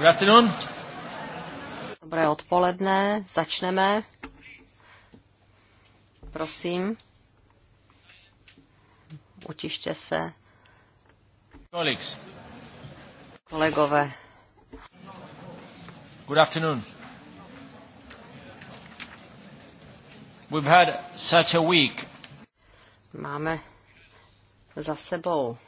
Good afternoon. Dobré odpoledne, začneme. Prosím, utište se. Colleagues. Kolegové. Good afternoon. We've had such a week. Máme za sebou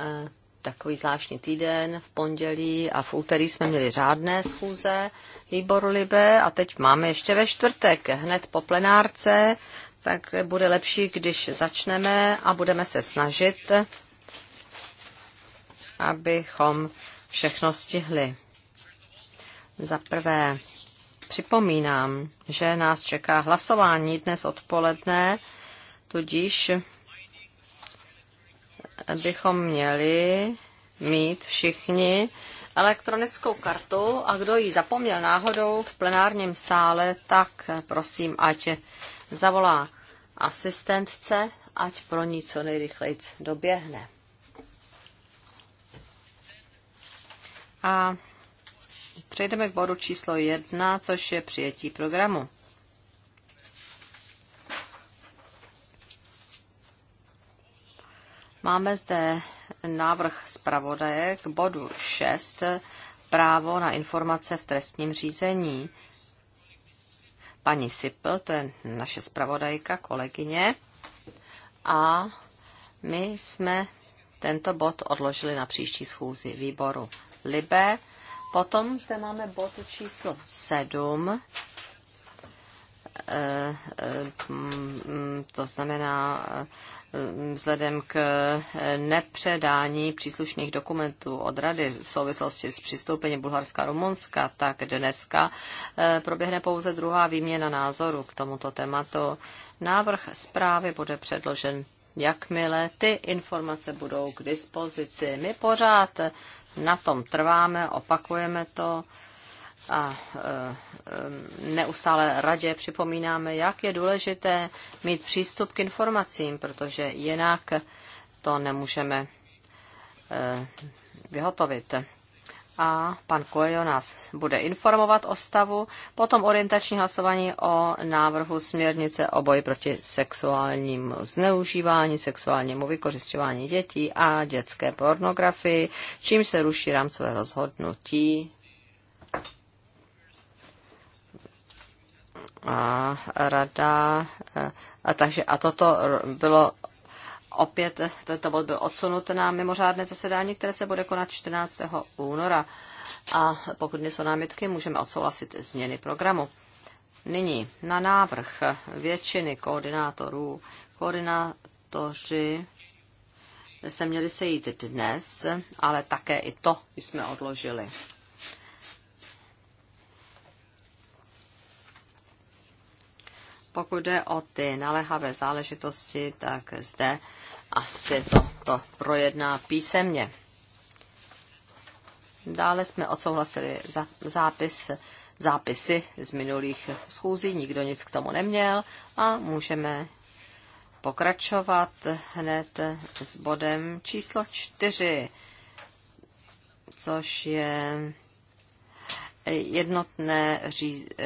eh, takový zvláštní týden v pondělí a v úterý jsme měli řádné schůze výboru Libe a teď máme ještě ve čtvrtek hned po plenárce, tak bude lepší, když začneme a budeme se snažit, abychom všechno stihli. Za prvé připomínám, že nás čeká hlasování dnes odpoledne, tudíž bychom měli mít všichni elektronickou kartu a kdo ji zapomněl náhodou v plenárním sále, tak prosím, ať zavolá asistentce, ať pro ní co nejrychleji doběhne. A přejdeme k bodu číslo jedna, což je přijetí programu. Máme zde návrh zpravodaje k bodu 6, právo na informace v trestním řízení. Paní Sipl, to je naše zpravodajka, kolegyně, a my jsme tento bod odložili na příští schůzi výboru Libe. Potom zde máme bod číslo 7, to znamená vzhledem k nepředání příslušných dokumentů od Rady v souvislosti s přistoupením Bulharska a Rumunska, tak dneska eh, proběhne pouze druhá výměna názoru k tomuto tématu. Návrh zprávy bude předložen jakmile ty informace budou k dispozici. My pořád na tom trváme, opakujeme to a eh, Ehm, neustále radě připomínáme, jak je důležité mít přístup k informacím, protože jinak to nemůžeme ehm, vyhotovit. A pan Kojo nás bude informovat o stavu, potom orientační hlasování o návrhu směrnice o boji proti sexuálnímu zneužívání, sexuálnímu vykořišťování dětí a dětské pornografii, čím se ruší rámcové rozhodnutí a rada, eh, a takže a toto bylo opět, tento bod byl odsunut na mimořádné zasedání, které se bude konat 14. února. A pokud nejsou námitky, můžeme odsouhlasit změny programu. Nyní na návrh většiny koordinátorů, koordinátoři se měli sejít dnes, ale také i to jsme odložili. pokud jde o ty naléhavé záležitosti, tak zde asi to, to projedná písemně. Dále jsme odsouhlasili za, zápis, zápisy z minulých schůzí, nikdo nic k tomu neměl a můžeme pokračovat hned s bodem číslo čtyři, což je jednotné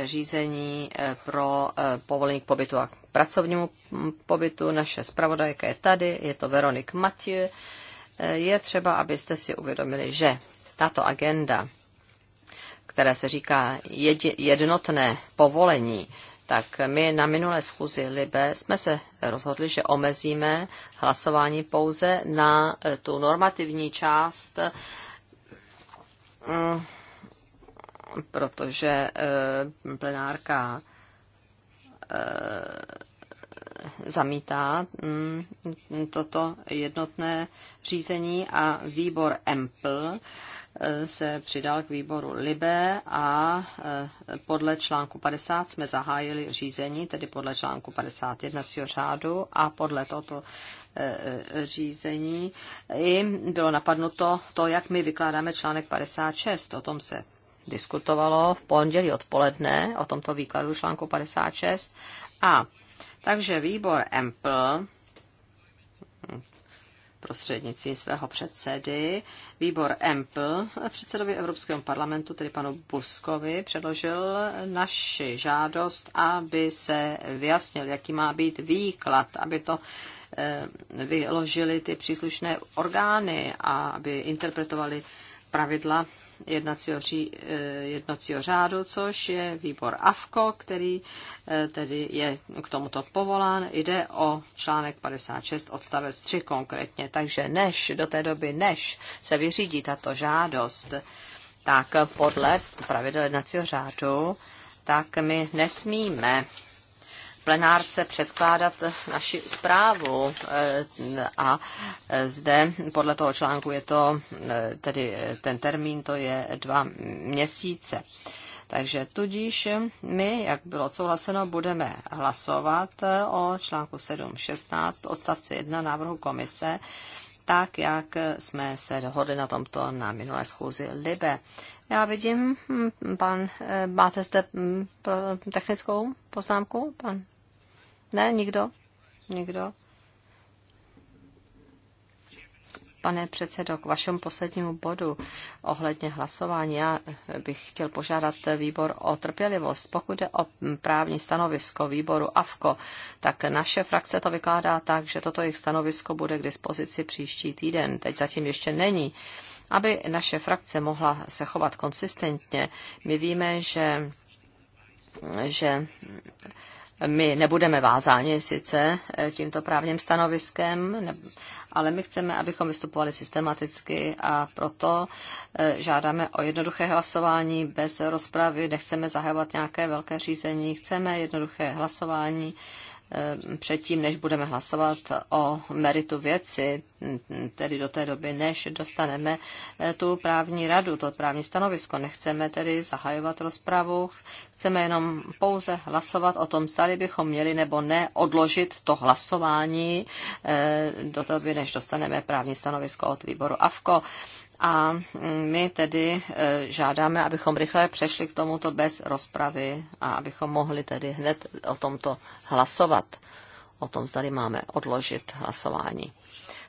řízení eh, pro eh, povolení k pobytu a k pracovnímu mm, pobytu. Naše zpravodajka je tady, je to Veronik Mathieu. Eh, je třeba, abyste si uvědomili, že tato agenda, která se říká jednotné povolení, tak my na minulé schůzi Libe jsme se rozhodli, že omezíme hlasování pouze na tu normativní část mm, protože eh, plenárka eh, zamítá mm, toto jednotné řízení a výbor EMPL eh, se přidal k výboru Libe a podle článku 50 jsme zahájili řízení, tedy podle článku 50 jednacího řádu a podle tohoto řízení i bylo napadnuto to, jak my vykládáme článek 56. O tom se diskutovalo v pondělí odpoledne o tomto výkladu článku 56. A takže výbor EMPL prostřednictvím svého předsedy. Výbor EMPL předsedovi Evropského parlamentu, tedy panu Buskovi, předložil naši žádost, aby se vyjasnil, jaký má být výklad, aby to eh, vyložili ty příslušné orgány a aby interpretovali pravidla jednacího, ří, eh, jednacího řádu, což je výbor AFKO, který eh, tedy je k tomuto povolán. Jde o článek 56 odstavec 3 konkrétně. Takže než do té doby, než se vyřídí tato žádost, tak podle pravidel jednacího řádu, tak my nesmíme plenárce předkládat naši zprávu eh, a eh, zde podle toho článku je to, eh, tedy ten termín to je dva měsíce. Takže tudíž my, jak bylo souhlaseno, budeme hlasovat o článku 7.16 odstavce 1 návrhu komise, tak, jak jsme se dohodli na tomto na minulé schůzi Libe. Já vidím, hm, pan, máte zde hm, technickou poznámku, pan ne, nikdo? Nikdo? Pane předsedo, k vašemu poslednímu bodu ohledně hlasování, já bych chtěl požádat výbor o trpělivost. Pokud jde o právní stanovisko výboru AFKO, tak naše frakce to vykládá tak, že toto jejich stanovisko bude k dispozici příští týden. Teď zatím ještě není. Aby naše frakce mohla se chovat konsistentně, my víme, že, že my nebudeme vázáni sice e, tímto právním stanoviskem, ale my chceme, abychom vystupovali systematicky a proto e, žádáme o jednoduché hlasování bez rozpravy, nechceme zahajovat nějaké velké řízení, chceme jednoduché hlasování Eh, předtím, než budeme hlasovat o meritu věci, tedy do té doby, než dostaneme eh, tu právní radu, to právní stanovisko. Nechceme tedy zahajovat rozpravu, chceme jenom pouze hlasovat o tom, zda bychom měli nebo ne odložit to hlasování eh, do té doby, než dostaneme právní stanovisko od výboru AFKO. A mm, my tedy e, žádáme, abychom rychle přešli k tomuto bez rozpravy a abychom mohli tedy hned o tomto hlasovat. O tom zdali máme odložit hlasování.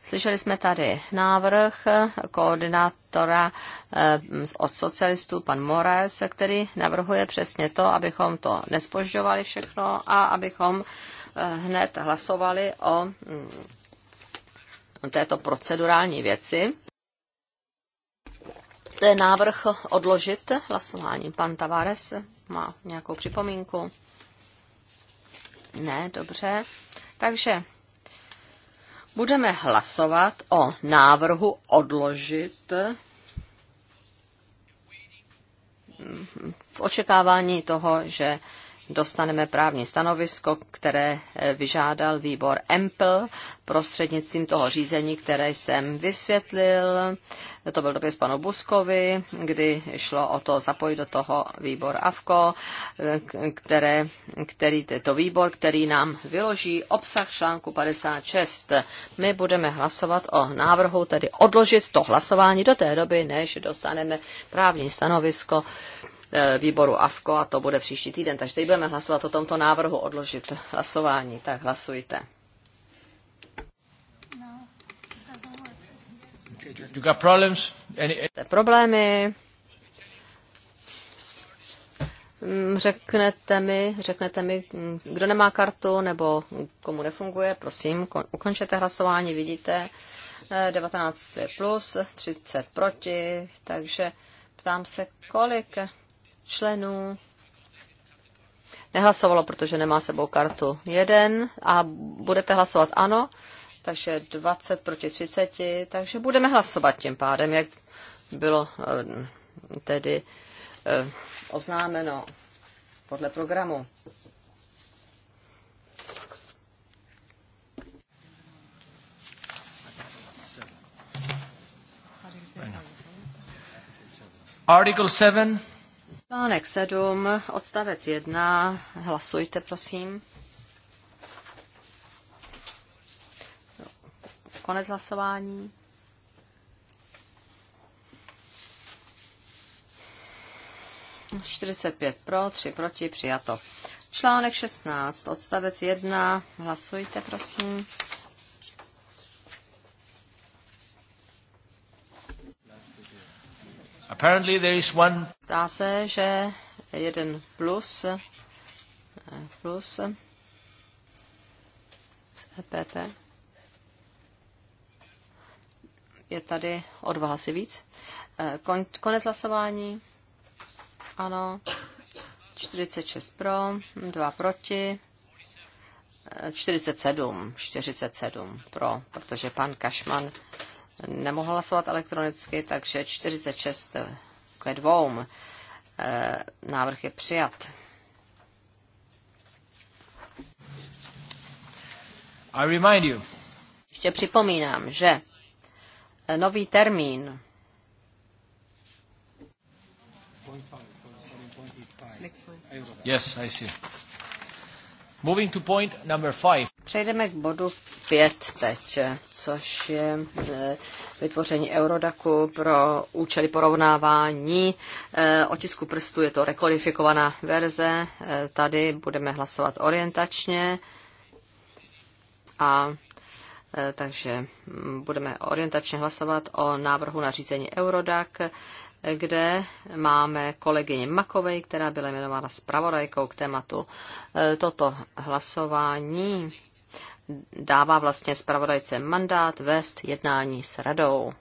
Slyšeli jsme tady návrh koordinátora e, od socialistů, pan Moraes, který navrhuje přesně to, abychom to nespožďovali všechno a abychom e, hned hlasovali o mm, této procedurální věci to je návrh odložit hlasování. Pan Tavares má nějakou připomínku? Ne, dobře. Takže budeme hlasovat o návrhu odložit v očekávání toho, že dostaneme právní stanovisko, které eh, vyžádal výbor EMPL prostřednictvím toho řízení, které jsem vysvětlil. To byl dopis panu Buskovi, kdy šlo o to zapojit do toho výbor AVKO, eh, které, který to výbor, který nám vyloží obsah článku 56. My budeme hlasovat o návrhu, tedy odložit to hlasování do té doby, než dostaneme právní stanovisko E, výboru AFKO a to bude příští týden. Takže teď budeme hlasovat o tomto návrhu odložit hlasování. Tak hlasujte. You got problems? Any... Problémy? Mm, řeknete mi, řeknete mi, mm, kdo nemá kartu nebo komu nefunguje, prosím, ukončete hlasování, vidíte, 19 e, plus, 30 proti, takže ptám se, kolik členů nehlasovalo, protože nemá sebou kartu. Jeden a budete hlasovat ano, takže 20 proti 30, takže budeme hlasovat tím pádem, jak bylo eh, tedy eh, oznámeno podle programu. Article 7. Článek 7, odstavec 1, hlasujte, prosím. Konec hlasování. Čtyřicet pět pro, tři proti, přijato. Článek 16, odstavec 1, hlasujte, prosím. Apparently there is one... Zdá se, že jeden plus, eh, plus z EPP je tady o dva hlasy víc. Eh, kon, konec hlasování. Ano. 46 pro, 2 proti. 47, eh, 47 pro, protože pan Kašman nemohl hlasovat elektronicky, takže 46 ke 2. Eh, návrh je přijat. I remind you. Ještě připomínám, že nový termín Yes, I see. Moving to point number five. Přejdeme k bodu 5 teď, což je e, vytvoření Eurodaku pro účely porovnávání e, otisku prstů. Je to rekodifikovaná verze. E, tady budeme hlasovat orientačně. A takže budeme orientačně hlasovat o návrhu na řízení Eurodac, kde máme kolegyně Makovej, která byla jmenována zpravodajkou k tématu. Toto hlasování dává vlastně zpravodajce mandát vést jednání s radou.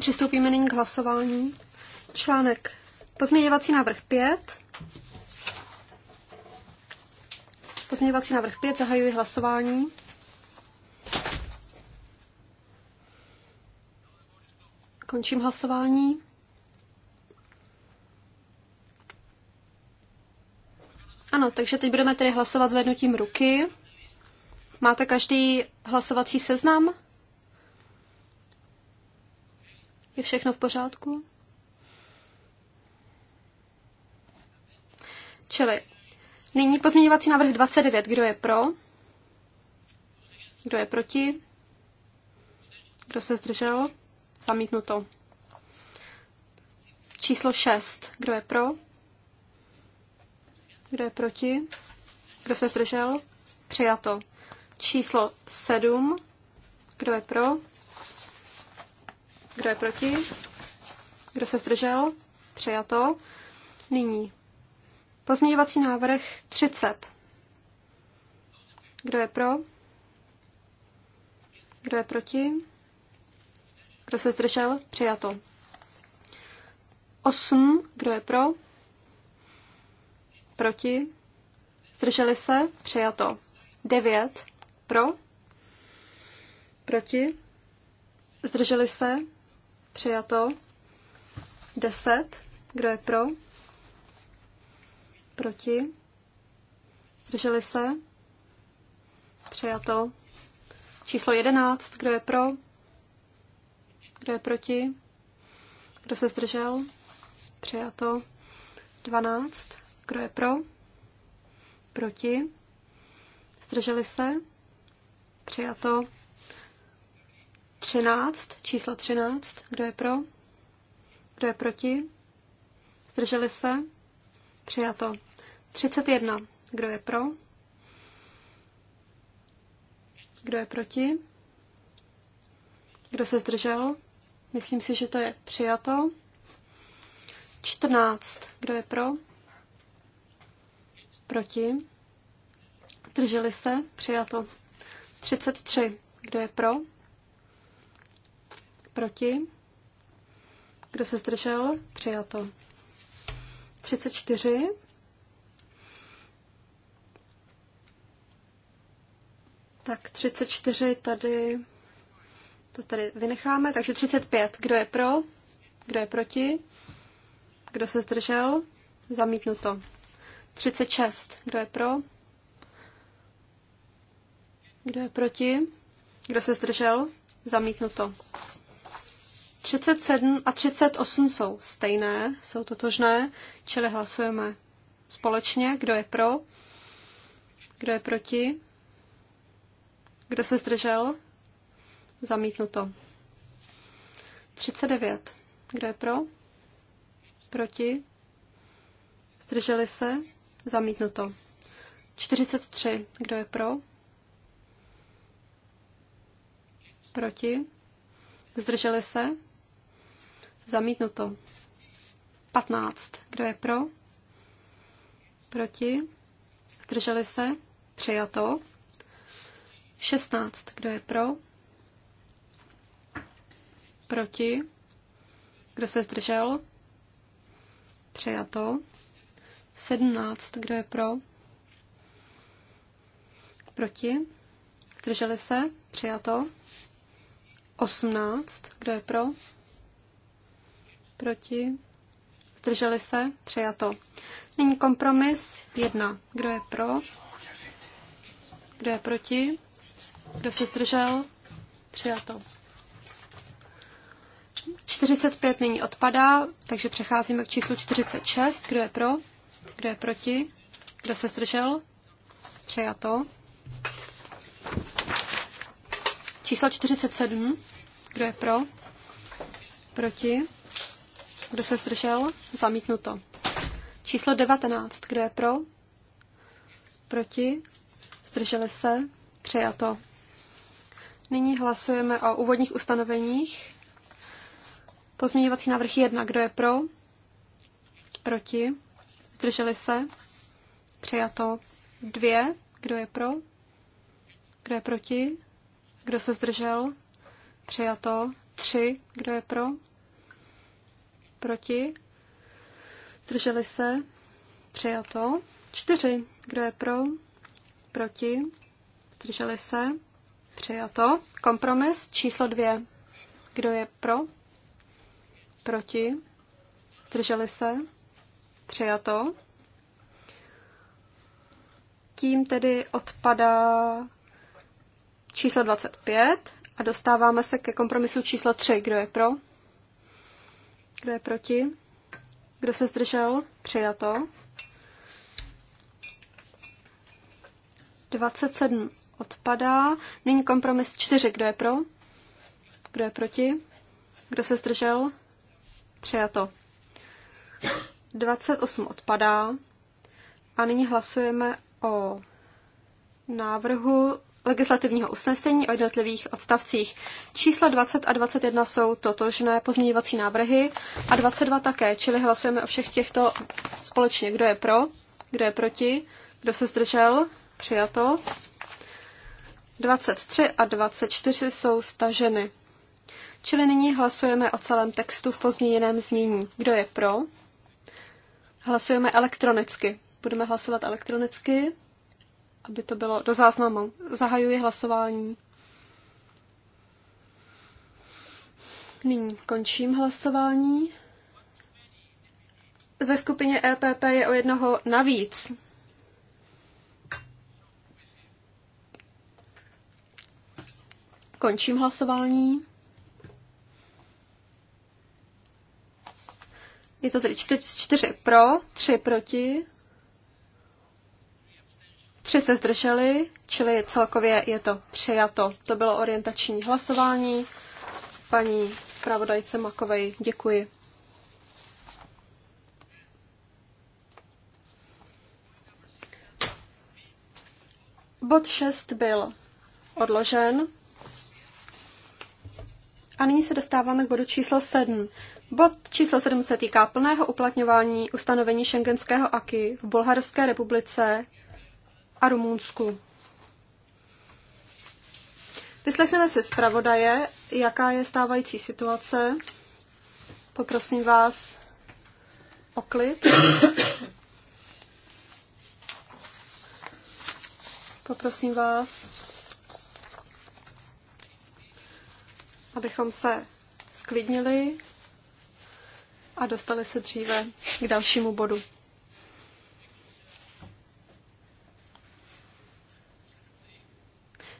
Přistoupíme nyní k hlasování. Článek pozměňovací návrh 5. Pozměňovací návrh 5, zahajuji hlasování. Končím hlasování. Ano, takže teď budeme tedy hlasovat zvednutím ruky. Máte každý hlasovací seznam? Je všechno v pořádku? Čili nyní pozměňovací návrh 29. Kdo je pro? Kdo je proti? Kdo se zdržel? Zamítnuto. Číslo 6. Kdo je pro? Kdo je proti? Kdo se zdržel? Přijato. Číslo 7. Kdo je pro? Kdo je proti? Kdo se zdržel? Přijato. Nyní pozměňovací návrh 30. Kdo je pro? Kdo je proti? Kdo se zdržel? Přijato. 8. Kdo je pro? Proti? Zdrželi se? Přijato. 9. Pro? Proti? Zdrželi se? Přijato. 10. Kdo je pro? Proti? Zdrželi se? Přijato. Číslo 11. Kdo je pro? Kdo je proti? Kdo se zdržel? Přijato. 12. Kdo je pro? Proti? Zdrželi se? Přijato. 13. Číslo 13. Kdo je pro? Kdo je proti? Zdrželi se? Přijato. 31. Kdo je pro? Kdo je proti? Kdo se zdržel? Myslím si, že to je přijato. 14. Kdo je pro? Proti? Drželi se? Přijato. 33. Kdo je pro? Proti? Kdo se zdržel? Přijato. 34. Tak 34 tady to tady vynecháme, takže 35. Kdo je pro? Kdo je proti? Kdo se zdržel? Zamítnuto. 36. Kdo je pro? Kdo je proti? Kdo se zdržel? Zamítnuto. 37 a 38 jsou stejné, jsou totožné, čili hlasujeme společně. Kdo je pro? Kdo je proti? Kdo se zdržel? Zamítnuto. 39. Kdo je pro? Proti? Zdrželi se? Zamítnuto. 43. Kdo je pro? Proti? Zdrželi se? Zamítnuto. 15. Kdo je pro? Proti? Zdrželi se? Přijato. 16. Kdo je pro? Proti? Kdo se zdržel? Přijato. 17. Kdo je pro? Proti? Zdrželi se? Přijato. 18. Kdo je pro? Proti? Zdrželi se? Přijato. Nyní kompromis 1. Kdo je pro? Kdo je proti? Kdo se zdržel? Přijato. 45 nyní odpadá, takže přecházíme k číslu 46. Kdo je pro? Kdo je proti? Kdo se zdržel? Přejato. Číslo 47. Kdo je pro? Proti? Kdo se zdržel? Zamítnuto. Číslo 19. Kdo je pro? Proti? Zdrželi se? Přijato. Nyní hlasujeme o úvodních ustanoveních. Pozměňovací návrh jedna, Kdo je pro? Proti? Zdrželi se? Přijato. dvě, Kdo je pro? Kdo je proti? Kdo se zdržel? Přijato. tři, Kdo je pro? Proti? Zdrželi se? Přijato. čtyři, Kdo je pro? Proti? Zdrželi se? Přijato. Kompromis číslo dvě, Kdo je pro? Proti? Zdrželi se? Přijato. Tím tedy odpadá číslo 25 a dostáváme se ke kompromisu číslo 3. Kdo je pro? Kdo je proti? Kdo se zdržel? Přijato. 27 odpadá. Nyní kompromis 4. Kdo je pro? Kdo je proti? Kdo se zdržel? Přijato. 28 odpadá. A nyní hlasujeme o návrhu legislativního usnesení o jednotlivých odstavcích. Čísla 20 a 21 jsou totožné pozměňovací návrhy a 22 také, čili hlasujeme o všech těchto společně. Kdo je pro, kdo je proti, kdo se zdržel, přijato. 23 a 24 jsou staženy. Čili nyní hlasujeme o celém textu v pozměněném znění. Kdo je pro? Hlasujeme elektronicky. Budeme hlasovat elektronicky, aby to bylo do záznamu. Zahajuji hlasování. Nyní končím hlasování. Ve skupině EPP je o jednoho navíc. Končím hlasování. Je to tedy čtyři, čtyři pro, tři proti, tři se zdrželi, čili celkově je to přijato. To bylo orientační hlasování. Paní zpravodajce Makovej, děkuji. Bod 6 byl odložen. A nyní se dostáváme k bodu číslo 7. Bod číslo 7 se týká plného uplatňování ustanovení šengenského aky v Bulharské republice a Rumunsku. Vyslechneme si zpravodaje, jaká je stávající situace. Poprosím vás o klid. Poprosím vás, abychom se sklidnili a dostali se dříve k dalšímu bodu.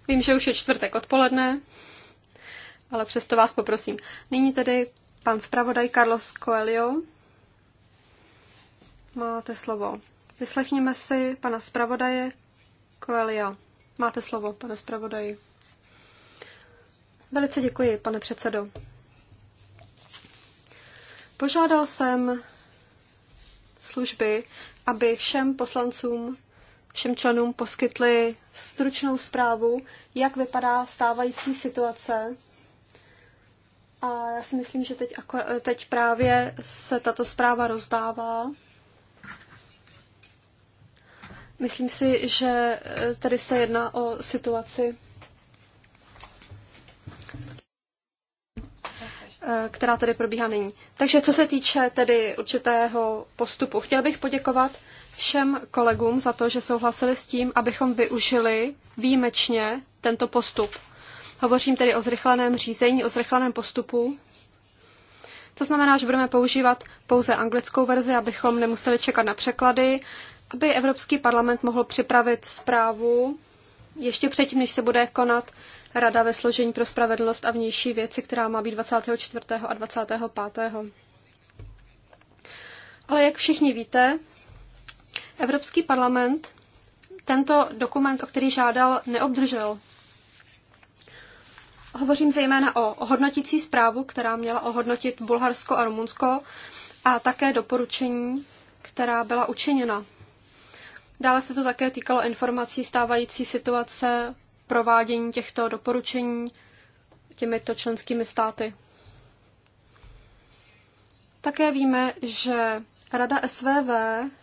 Vím, že už je čtvrtek odpoledne, ale přesto vás poprosím. Nyní tedy pan zpravodaj Carlos Coelho. Máte slovo. Vyslechněme si pana zpravodaje Coelho. Máte slovo, pane zpravodaji. Velice děkuji, pane předsedo. Požádal jsem služby, aby všem poslancům, všem členům poskytli stručnou zprávu, jak vypadá stávající situace. A já si myslím, že teď, teď právě se tato zpráva rozdává. Myslím si, že eh, tady se jedná o situaci Eh, která tady probíhá nyní. Takže co se týče tedy určitého postupu, chtěl bych poděkovat všem kolegům za to, že souhlasili s tím, abychom využili výjimečně tento postup. Hovořím tedy o zrychleném řízení, o zrychleném postupu. To znamená, že budeme používat pouze anglickou verzi, abychom nemuseli čekat na překlady, aby Evropský parlament mohl připravit zprávu ještě předtím, než se bude konat rada ve složení pro spravedlnost a vnější věci, která má být 24. a 25. Ale jak všichni víte, Evropský parlament tento dokument, o který žádal, neobdržel. Hovořím zejména o hodnotící zprávu, která měla ohodnotit Bulharsko a Rumunsko a také doporučení, která byla učiněna. Dále se to také týkalo informací stávající situace provádění těchto doporučení těmito členskými státy. Také víme, že Rada SVV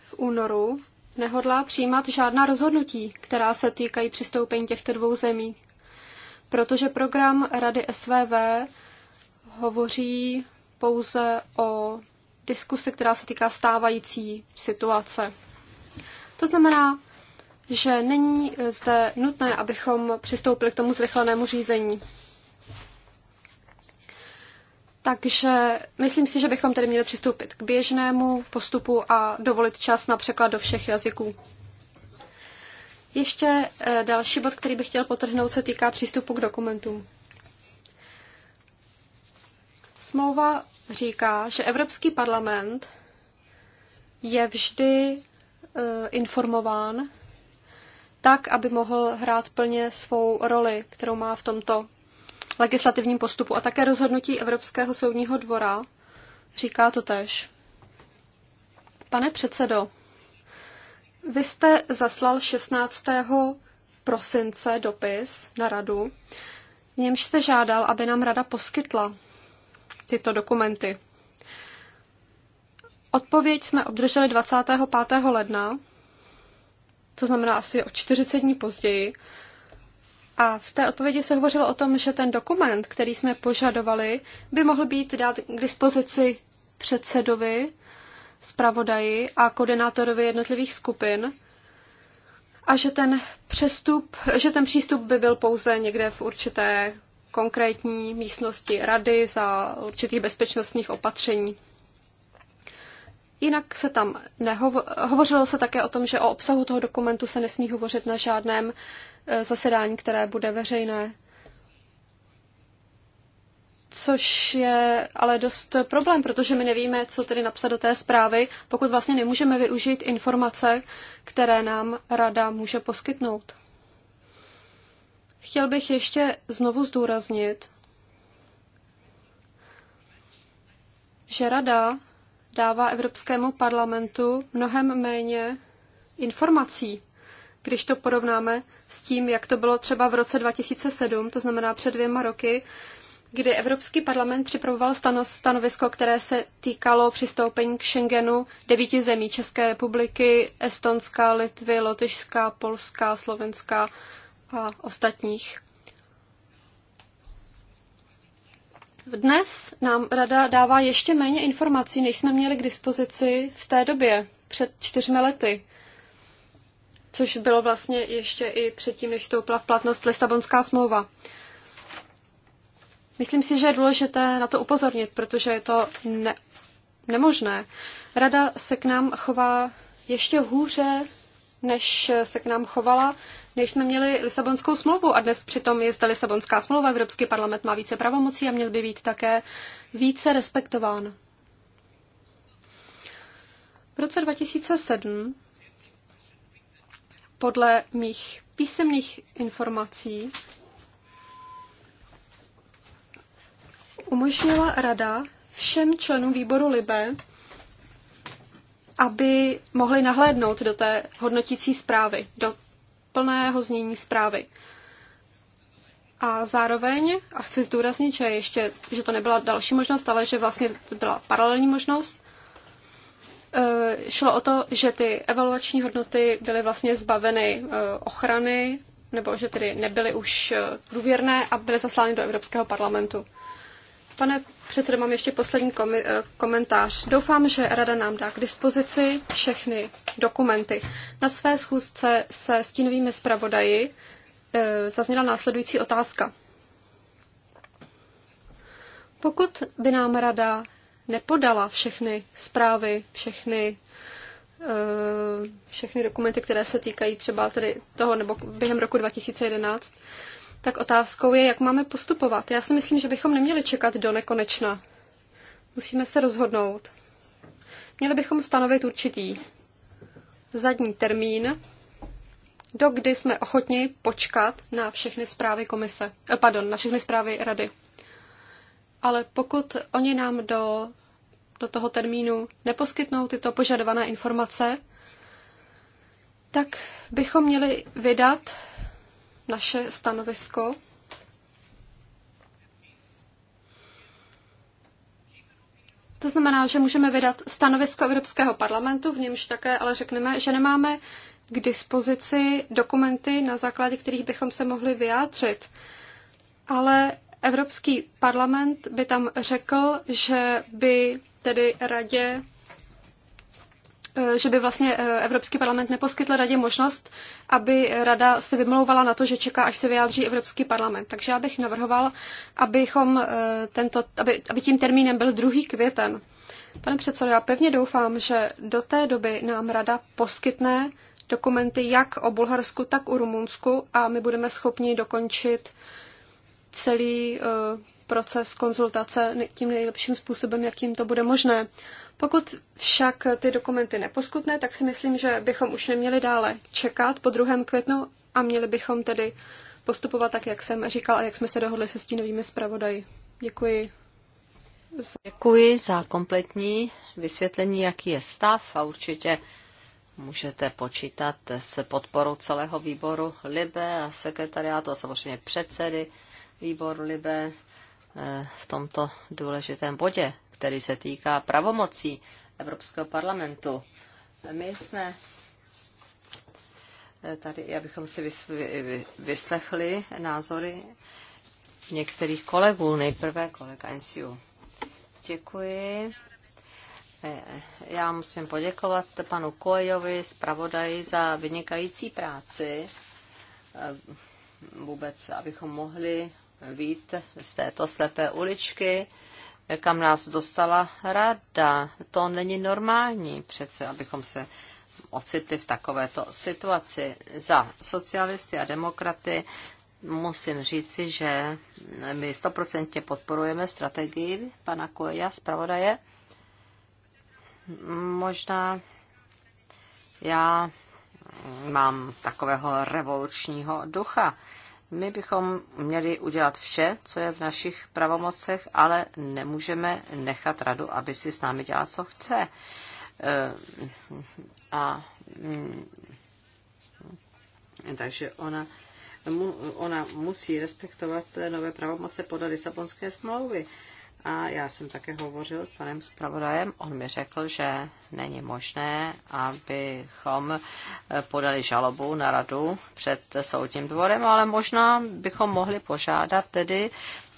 v únoru nehodlá přijímat žádná rozhodnutí, která se týkají přistoupení těchto dvou zemí, protože program Rady SVV hovoří pouze o diskusi, která se týká stávající situace. To znamená, že není eh, zde nutné, abychom přistoupili k tomu zrychlenému řízení. Takže myslím si, že bychom tedy měli přistoupit k běžnému postupu a dovolit čas na překlad do všech jazyků. Ještě eh, další bod, který bych chtěl potrhnout, se týká přístupu k dokumentům. Smlouva říká, že Evropský parlament je vždy eh, informován tak, aby mohl hrát plně svou roli, kterou má v tomto legislativním postupu. A také rozhodnutí Evropského soudního dvora říká to tež. Pane předsedo, vy jste zaslal 16. prosince dopis na radu, v němž jste žádal, aby nám rada poskytla tyto dokumenty. Odpověď jsme obdrželi 25. ledna to znamená asi o 40 dní později. A v té odpovědi se hovořilo o tom, že ten dokument, který jsme požadovali, by mohl být dát k dispozici předsedovi, zpravodaji a koordinátorovi jednotlivých skupin a že ten, přestup, že ten přístup by byl pouze někde v určité konkrétní místnosti rady za určitých bezpečnostních opatření. Jinak se tam nehovo- hovořilo se také o tom, že o obsahu toho dokumentu se nesmí hovořit na žádném eh, zasedání, které bude veřejné. Což je ale dost problém, protože my nevíme, co tedy napsat do té zprávy, pokud vlastně nemůžeme využít informace, které nám rada může poskytnout. Chtěl bych ještě znovu zdůraznit, že rada dává Evropskému parlamentu mnohem méně informací, když to porovnáme s tím, jak to bylo třeba v roce 2007, to znamená před dvěma roky, kdy Evropský parlament připravoval stanovisko, které se týkalo přistoupení k Schengenu devíti zemí České republiky, Estonska, Litvy, Lotyšská, Polská, Slovenská a ostatních. Dnes nám rada dává ještě méně informací, než jsme měli k dispozici v té době, před čtyřmi lety. Což bylo vlastně ještě i předtím, než vstoupila v platnost Lisabonská smlouva. Myslím si, že je důležité na to upozornit, protože je to ne- nemožné. Rada se k nám chová ještě hůře, než se k nám chovala než jsme měli Lisabonskou smlouvu a dnes přitom je zde Lisabonská smlouva, Evropský parlament má více pravomocí a měl by být také více respektován. V roce 2007 podle mých písemných informací umožnila rada všem členům výboru Libe, aby mohli nahlédnout do té hodnotící zprávy, do plného znění zprávy. A zároveň, a chci zdůraznit, že ještě, že to nebyla další možnost, ale že vlastně to byla paralelní možnost, eh, šlo o to, že ty evaluační hodnoty byly vlastně zbaveny eh, ochrany, nebo že tedy nebyly už eh, důvěrné a byly zaslány do Evropského parlamentu. Pane předsedo, mám ještě poslední eh, komentář. Doufám, že Rada nám dá k dispozici všechny dokumenty. Na své schůzce se stínovými zpravodaji eh, zazněla následující otázka. Pokud by nám Rada nepodala všechny zprávy, všechny eh, všechny dokumenty, které se týkají třeba tedy toho, nebo během roku 2011, tak otázkou je, jak máme postupovat. Já si myslím, že bychom neměli čekat do nekonečna. Musíme se rozhodnout. Měli bychom stanovit určitý zadní termín, do kdy jsme ochotni počkat na všechny zprávy komise, eh, pardon, na všechny zprávy rady. Ale pokud oni nám do, do toho termínu neposkytnou tyto požadované informace, tak bychom měli vydat naše stanovisko. To znamená, že můžeme vydat stanovisko Evropského parlamentu, v němž také ale řekneme, že nemáme k dispozici dokumenty, na základě kterých bychom se mohli vyjádřit. Ale Evropský parlament by tam řekl, že by tedy radě Eh, že by vlastně eh, Evropský parlament neposkytl radě možnost, aby rada se vymlouvala na to, že čeká, až se vyjádří Evropský parlament. Takže já bych navrhoval, abychom eh, tento, aby, aby tím termínem byl druhý květen. Pane předsedo, já pevně doufám, že do té doby nám rada poskytne dokumenty jak o Bulharsku, tak o Rumunsku a my budeme schopni dokončit celý proces konzultace tím nejlepším způsobem, jakým to bude možné. Pokud však ty dokumenty neposkutne, tak si myslím, že bychom už neměli dále čekat po 2. květnu a měli bychom tedy postupovat tak, jak jsem říkal a jak jsme se dohodli se stínovými zpravodaji. Děkuji. Děkuji za kompletní vysvětlení, jaký je stav a určitě můžete počítat s podporou celého výboru LIBE a sekretariátu a samozřejmě předsedy výboru LIBE eh, v tomto důležitém bodě který se týká pravomocí Evropského parlamentu. My jsme eh, tady, abychom si vyslechli názory některých kolegů. Nejprve kolega NCU. Děkuji. Eh, já musím poděkovat panu Kojovi, zpravodaji, za vynikající práci eh, vůbec, abychom mohli vít z této slepé uličky kam nás dostala rada. To není normální přece, abychom se ocitli v takovéto situaci. Za socialisty a demokraty musím říci, že my stoprocentně podporujeme strategii pana Koja, zpravodaje. Možná já mám takového revolučního ducha. My bychom měli udělat vše, co je v našich pravomocech, ale nemůžeme nechat radu, aby si s námi dělala, co chce. Eh, a mm, takže ona, ona musí respektovat nové pravomoce podle Lisabonské smlouvy. A já jsem také hovořil s panem zpravodajem. On mi řekl, že není možné, abychom eh, podali žalobu na radu před soudním dvorem, ale možná bychom mohli požádat tedy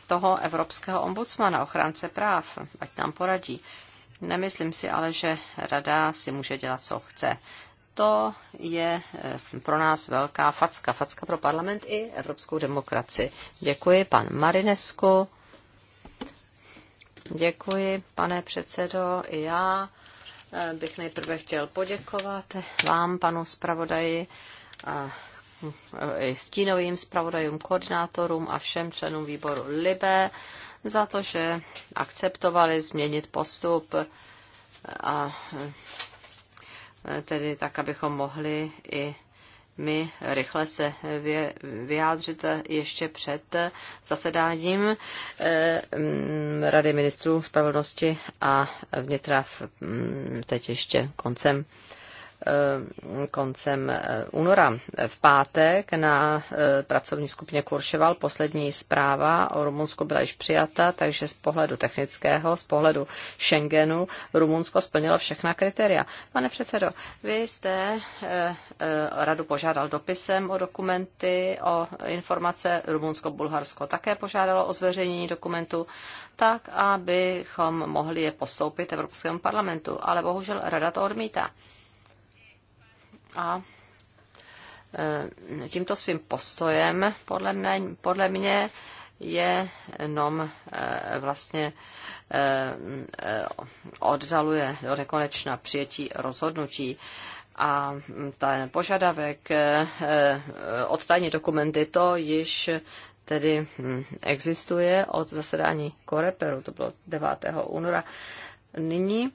toho evropského ombudsmana, ochránce práv, ať nám poradí. Nemyslím si ale, že rada si může dělat, co chce. To je eh, pro nás velká facka. Facka pro parlament i evropskou demokraci. Děkuji pan Marinesku. Děkuji, pane předsedo. I já eh, bych nejprve chtěl poděkovat vám, panu zpravodaji, a eh, stínovým zpravodajům, koordinátorům a všem členům výboru LIBE za to, že akceptovali změnit postup a eh, tedy tak, abychom mohli i mi rychle se vyjádřit ještě před zasedáním eh, mm, Rady ministrů spravedlnosti a vnitra mm, teď ještě koncem Eh, koncem eh, února. V pátek na eh, pracovní skupině Kurševal poslední zpráva o Rumunsku byla již přijata, takže z pohledu technického, z pohledu Schengenu, Rumunsko splnilo všechna kritéria. Pane předsedo, vy jste radu požádal dopisem o dokumenty, o informace. Rumunsko-Bulharsko také požádalo o zveřejnění dokumentu, tak abychom mohli je postoupit Evropskému parlamentu, ale bohužel rada to odmítá. A e, tímto svým postojem podle mě, podle mě je nom e, vlastně e, oddaluje do nekonečna přijetí rozhodnutí a ten požadavek odtajnit dokumenty, to již tedy hm, existuje od zasedání Koreperu, to bylo 9. února. Nyní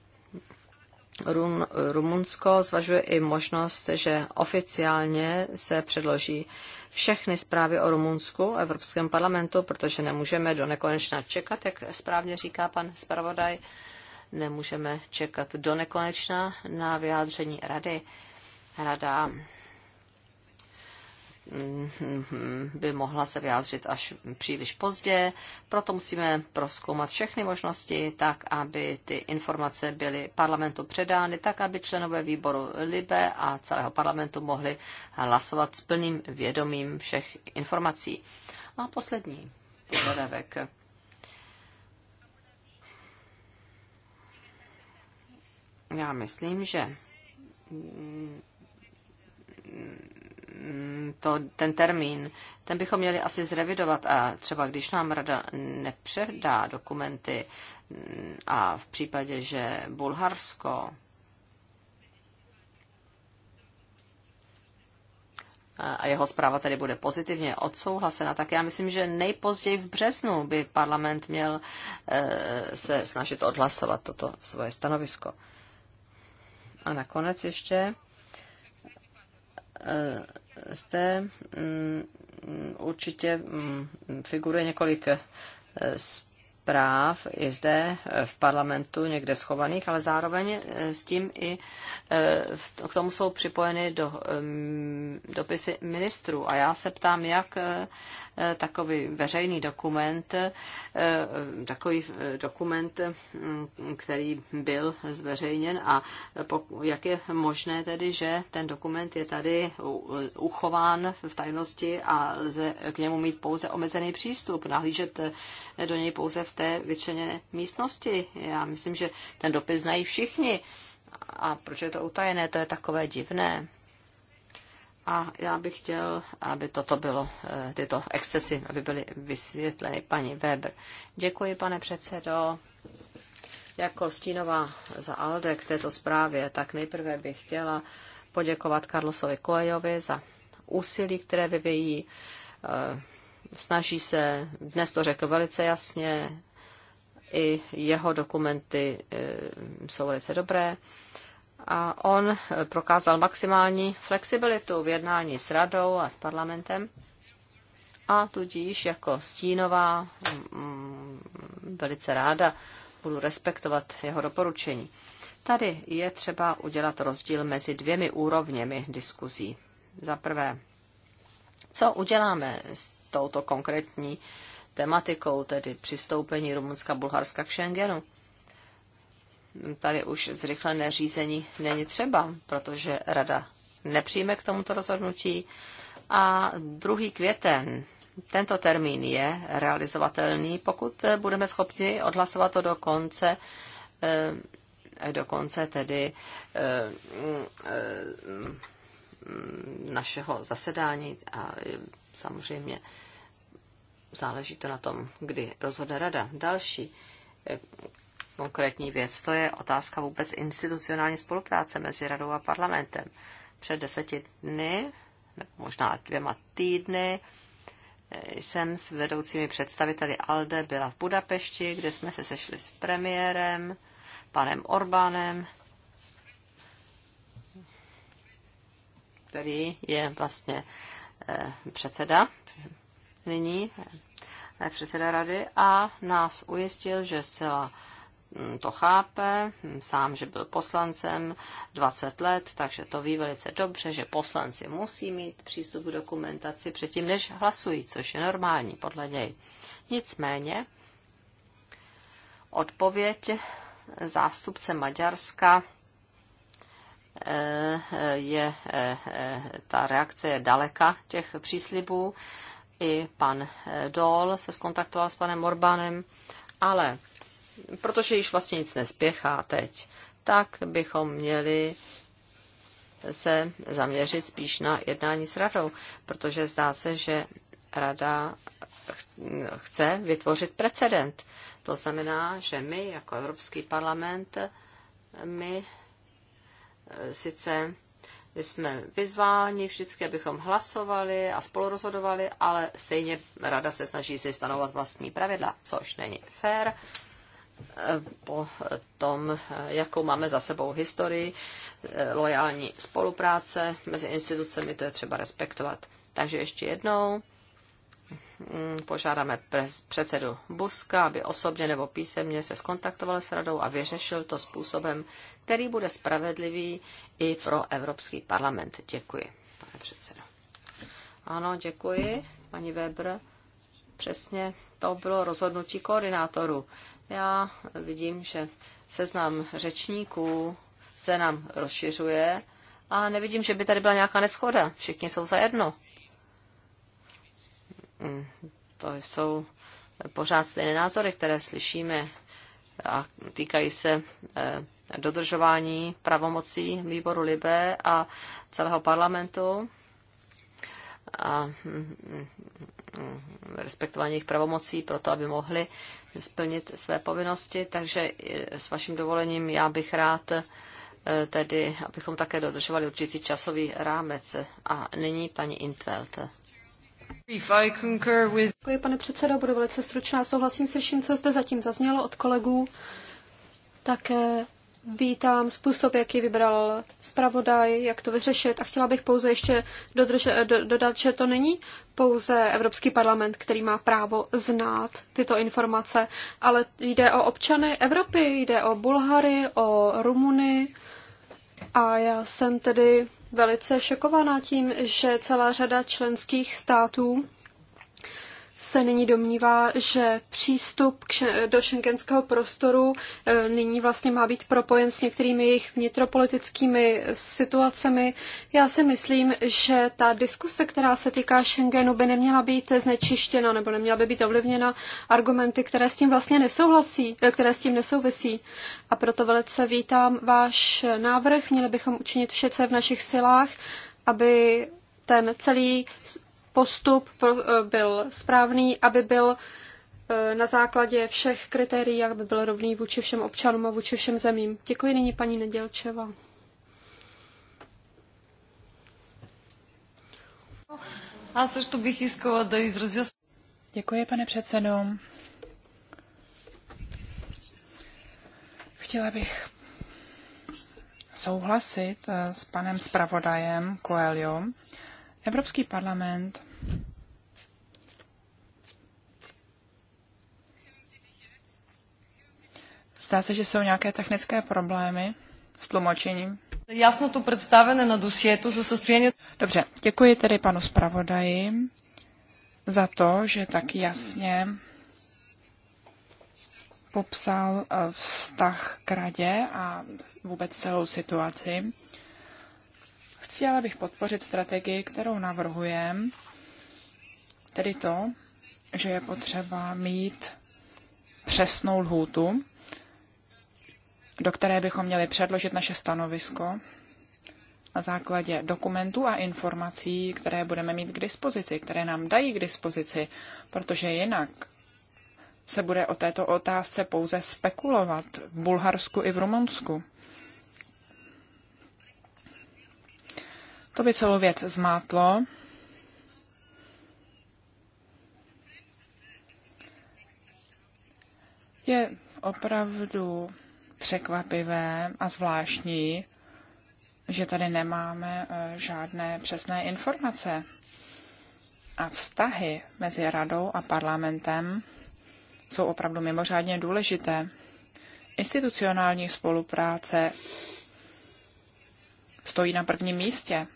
Rum, Rumunsko zvažuje i možnost, že oficiálně se předloží všechny zprávy o Rumunsku Evropském parlamentu, protože nemůžeme do nekonečna čekat, jak správně říká pan zpravodaj. Nemůžeme čekat do nekonečna na vyjádření rady. Rada Mm-hmm. by mohla se vyjádřit až příliš pozdě. Proto musíme proskoumat všechny možnosti tak, aby ty informace byly parlamentu předány, tak, aby členové výboru Libe a celého parlamentu mohli hlasovat s plným vědomím všech informací. A poslední požadavek. Já myslím, že Mm, to, ten termín, ten bychom měli asi zrevidovat a třeba když nám rada nepředá dokumenty mm, a v případě, že Bulharsko a jeho zpráva tedy bude pozitivně odsouhlasena, tak já myslím, že nejpozději v březnu by parlament měl e, se snažit odhlasovat toto svoje stanovisko. A nakonec ještě e, zde mm, určitě mm, figuruje několik eh, zpráv i zde eh, v parlamentu někde schovaných, ale zároveň eh, s tím i k tomu jsou připojeny do, dopisy ministrů. A já se ptám, jak Eh, takový veřejný dokument, eh, takový eh, dokument, mm, který byl zveřejněn a jak je možné tedy, že ten dokument je tady uchován v tajnosti a lze k němu mít pouze omezený přístup, nahlížet do něj pouze v té vyčleněné místnosti. Já myslím, že ten dopis znají všichni. A proč je to utajené, to je takové divné. A já bych chtěl, aby toto bylo, eh, tyto excesy, aby byly vysvětleny paní Weber. Děkuji, pane předsedo. Jako stínová za ALDE k této zprávě, tak nejprve bych chtěla poděkovat Karlosovi Koejovi za úsilí, které vyvíjí. Eh, snaží se, dnes to řekl velice jasně, i jeho dokumenty eh, jsou velice dobré a on eh, prokázal maximální flexibilitu v jednání s radou a s parlamentem a tudíž jako stínová mm, velice ráda budu respektovat jeho doporučení. Tady je třeba udělat rozdíl mezi dvěmi úrovněmi diskuzí. Za prvé, co uděláme s touto konkrétní tematikou, tedy přistoupení Rumunska Bulharska k Schengenu? tady už zrychlené řízení není třeba, protože rada nepřijme k tomuto rozhodnutí. A druhý květen, tento termín je realizovatelný, pokud budeme schopni odhlasovat to do konce eh, do konce tedy eh, eh, našeho zasedání a samozřejmě záleží to na tom, kdy rozhodne rada. Další konkrétní věc. To je otázka vůbec institucionální spolupráce mezi radou a parlamentem. Před deseti dny, nebo možná dvěma týdny, jsem s vedoucími představiteli ALDE byla v Budapešti, kde jsme se sešli s premiérem, panem Orbánem, který je vlastně eh, předseda nyní, eh, předseda rady, a nás ujistil, že zcela Hm, to chápe, hm, sám, že byl poslancem 20 let, takže to ví velice dobře, že poslanci musí mít přístup k dokumentaci předtím, než hlasují, což je normální podle něj. Nicméně odpověď zástupce Maďarska eh, je, eh, ta reakce je daleka těch příslibů. I pan Dol se skontaktoval s panem Orbánem, ale protože již vlastně nic nespěchá teď, tak bychom měli se zaměřit spíš na jednání s radou, protože zdá se, že rada chce vytvořit precedent. To znamená, že my jako Evropský parlament, my e, sice my jsme vyzváni vždycky, abychom hlasovali a spolurozhodovali, ale stejně rada se snaží si stanovat vlastní pravidla, což není fér po tom, jakou máme za sebou historii, lojální spolupráce mezi institucemi, to je třeba respektovat. Takže ještě jednou mm, požádáme předsedu Buska, aby osobně nebo písemně se skontaktoval s radou a vyřešil to způsobem, který bude spravedlivý i pro Evropský parlament. Děkuji, pane předsedo. Ano, děkuji, paní Weber. Přesně to bylo rozhodnutí koordinátorů. Já vidím, že seznam řečníků se nám rozšiřuje a nevidím, že by tady byla nějaká neschoda. Všichni jsou za jedno. Mm, to jsou pořád stejné názory, které slyšíme a týkají se eh, dodržování pravomocí výboru Libe a celého parlamentu a mm, respektování jejich pravomocí pro to, aby mohli splnit své povinnosti. Takže s vaším dovolením já bych rád e, tedy, abychom také dodržovali určitý časový rámec. A nyní paní Intveld. Děkuji, pane předsedo, budu velice stručná. Souhlasím se vším, co zde zatím zaznělo od kolegů. Také vítám způsob, jaký vybral zpravodaj, jak to vyřešit a chtěla bych pouze ještě dodrže, do, dodat, že to není pouze Evropský parlament, který má právo znát tyto informace, ale jde o občany Evropy, jde o Bulhary, o Rumuny a já jsem tedy velice šokovaná tím, že celá řada členských států se nyní domnívá, že přístup k, do šengenského prostoru e, nyní vlastně má být propojen s některými jejich vnitropolitickými situacemi. Já si myslím, že ta diskuse, která se týká Schengenu, by neměla být znečištěna nebo neměla by být ovlivněna argumenty, které s tím vlastně nesouhlasí, e, které s tím nesouvisí. A proto velice vítám váš návrh. Měli bychom učinit vše, co je v našich silách, aby ten celý postup eh, byl správný, aby byl eh, na základě všech kritérií, aby byl rovný vůči všem občanům a vůči všem zemím. Děkuji nyní paní Nedělčeva. A също bych искала да изразя... Děkuji, pane předsedo. Chtěla bych souhlasit eh, s panem zpravodajem Coelho Evropský parlament Zdá se, že jsou nějaké technické problémy s tlumočením. Jasno to představené na dosietu za sostojeně. Dobře, děkuji tedy panu zpravodaji za to, že tak jasně popsal eh, vztah k radě a vůbec celou situaci. Chtěla bych podpořit strategii, kterou navrhujem, tedy to, že je potřeba mít přesnou lhůtu, do které bychom měli předložit naše stanovisko na základě dokumentů a informací, které budeme mít k dispozici, které nám dají k dispozici, protože jinak se bude o této otázce pouze spekulovat v Bulharsku i v Rumunsku. To by celou věc zmátlo. Je opravdu překvapivé a zvláštní, že tady nemáme eh, žádné přesné informace. A vztahy mezi radou a parlamentem jsou opravdu mimořádně důležité. Institucionální spolupráce stojí na prvním místě.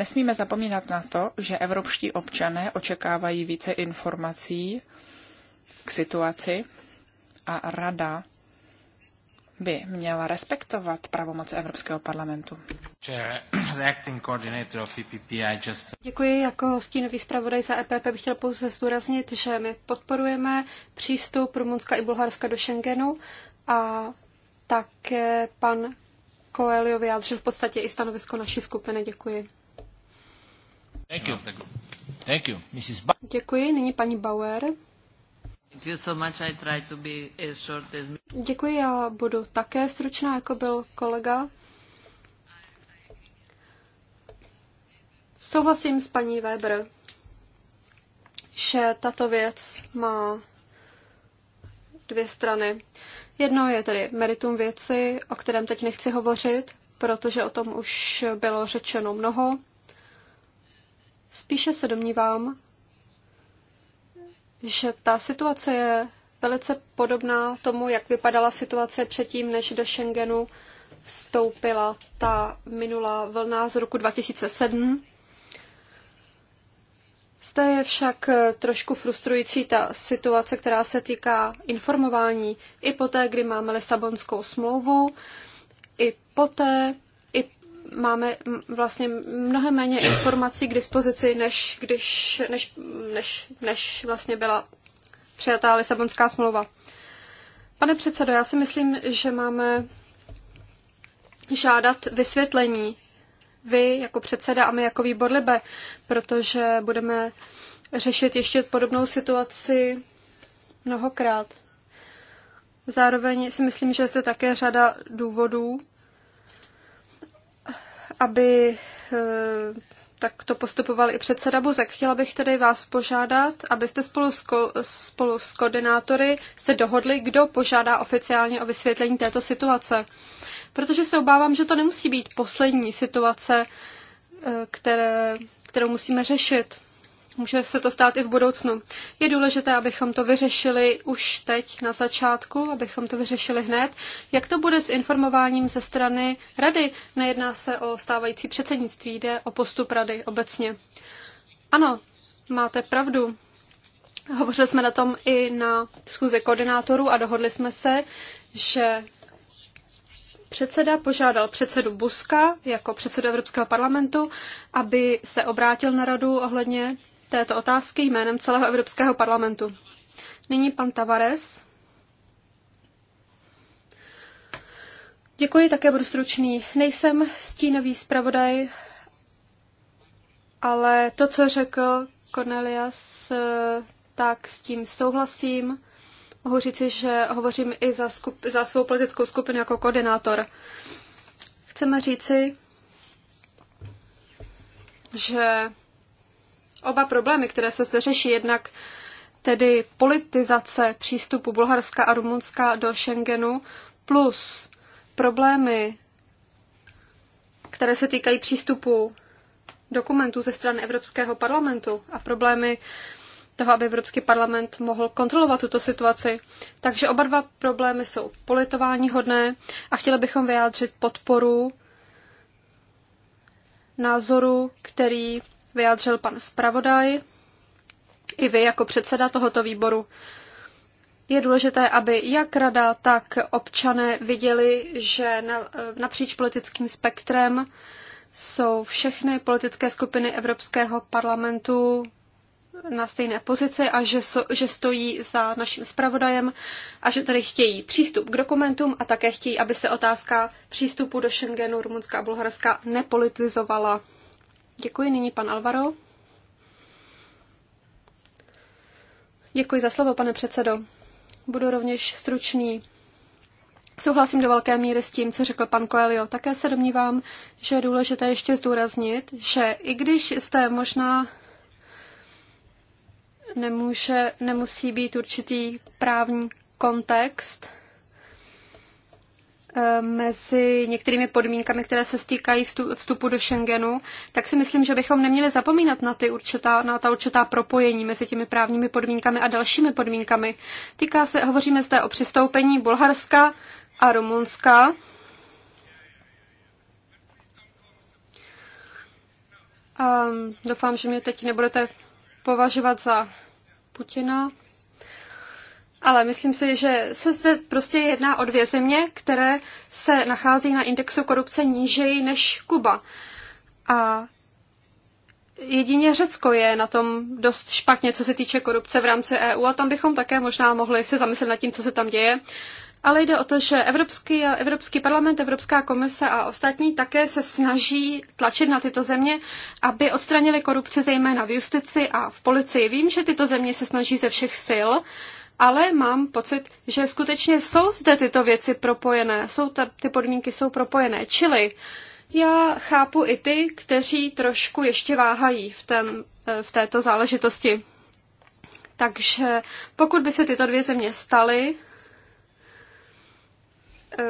Nesmíme zapomínat na to, že evropští občané očekávají více informací k situaci a rada by měla respektovat pravomoc Evropského parlamentu. E Děkuji. Jako stínový zpravodaj za EPP bych chtěl pouze zdůraznit, že my podporujeme přístup Rumunska i Bulharska do Schengenu a také pan Koelio vyjádřil v podstatě i stanovisko naší skupiny. Děkuji. Thank you. Thank you. Mrs. Ba- Děkuji, nyní paní Bauer. Děkuji, já budu také stručná, jako byl kolega. Souhlasím s paní Weber, že tato věc má dvě strany. Jedno je tedy meritum věci, o kterém teď nechci hovořit, protože o tom už bylo řečeno mnoho. Spíše se domnívám, že ta situace je velice podobná tomu, jak vypadala situace předtím, než do Schengenu vstoupila ta minulá vlna z roku 2007. Zde je však trošku frustrující ta situace, která se týká informování. I poté, kdy máme Lisabonskou smlouvu, i poté, máme vlastně mnohem méně informací k dispozici, než, když, než, než, než vlastně byla přijatá Lisabonská smlouva. Pane předsedo, já si myslím, že máme žádat vysvětlení vy jako předseda a my jako výbor Libe, protože budeme řešit ještě podobnou situaci mnohokrát. Zároveň si myslím, že je zde také řada důvodů, aby eh, tak to postupoval i předseda Buzek. Chtěla bych tedy vás požádat, abyste spolu s, ko- spolu s koordinátory se dohodli, kdo požádá oficiálně o vysvětlení této situace. Protože se obávám, že to nemusí být poslední situace, eh, které, kterou musíme řešit. Může se to stát i v budoucnu. Je důležité, abychom to vyřešili už teď na začátku, abychom to vyřešili hned. Jak to bude s informováním ze strany rady? Nejedná se o stávající předsednictví, jde o postup rady obecně. Ano, máte pravdu. Hovořili jsme na tom i na schůze koordinátorů a dohodli jsme se, že předseda požádal předsedu Buska jako předsedu Evropského parlamentu, aby se obrátil na radu ohledně této otázky jménem celého Evropského parlamentu. Nyní pan Tavares. Děkuji, také budu stručný. Nejsem stínový zpravodaj, ale to, co řekl Cornelias, tak s tím souhlasím. Mohu říci, že hovořím i za, skup, za svou politickou skupinu jako koordinátor. Chceme říci, že oba problémy, které se zde řeší, jednak tedy politizace přístupu Bulharska a Rumunska do Schengenu plus problémy, které se týkají přístupu dokumentů ze strany Evropského parlamentu a problémy toho, aby Evropský parlament mohl kontrolovat tuto situaci. Takže oba dva problémy jsou politování hodné a chtěli bychom vyjádřit podporu názoru, který vyjádřil pan zpravodaj, i vy jako předseda tohoto výboru. Je důležité, aby jak rada, tak občané viděli, že napříč politickým spektrem jsou všechny politické skupiny Evropského parlamentu na stejné pozici a že, so, že stojí za naším zpravodajem a že tady chtějí přístup k dokumentům a také chtějí, aby se otázka přístupu do Schengenu Rumunska a Bulharska nepolitizovala. Děkuji nyní pan Alvaro. Děkuji za slovo, pane předsedo. Budu rovněž stručný. Souhlasím do velké míry s tím, co řekl pan Coelho. Také se domnívám, že je důležité ještě zdůraznit, že i když jste možná nemůže, nemusí být určitý právní kontext, Eh, mezi některými podmínkami, které se stýkají vstupu do Schengenu, tak si myslím, že bychom neměli zapomínat na, ty určitá, na ta určitá propojení mezi těmi právními podmínkami a dalšími podmínkami. Týká se, hovoříme zde o přistoupení Bulharska a Rumunska. A doufám, že mě teď nebudete považovat za Putina. Ale myslím si, že se zde prostě jedná o dvě země, které se nachází na indexu korupce nížej než Kuba. A jedině Řecko je na tom dost špatně, co se týče korupce v rámci EU a tam bychom také možná mohli se zamyslet nad tím, co se tam děje. Ale jde o to, že Evropský, Evropský parlament, Evropská komise a ostatní také se snaží tlačit na tyto země, aby odstranili korupci zejména v justici a v policii. Vím, že tyto země se snaží ze všech sil, uh, ale mám pocit, že skutečně jsou zde tyto věci propojené, jsou ta, ty podmínky jsou propojené. Čili já chápu i ty, kteří trošku ještě váhají v, tém, eh, v této záležitosti. Takže pokud by se tyto dvě země staly eh,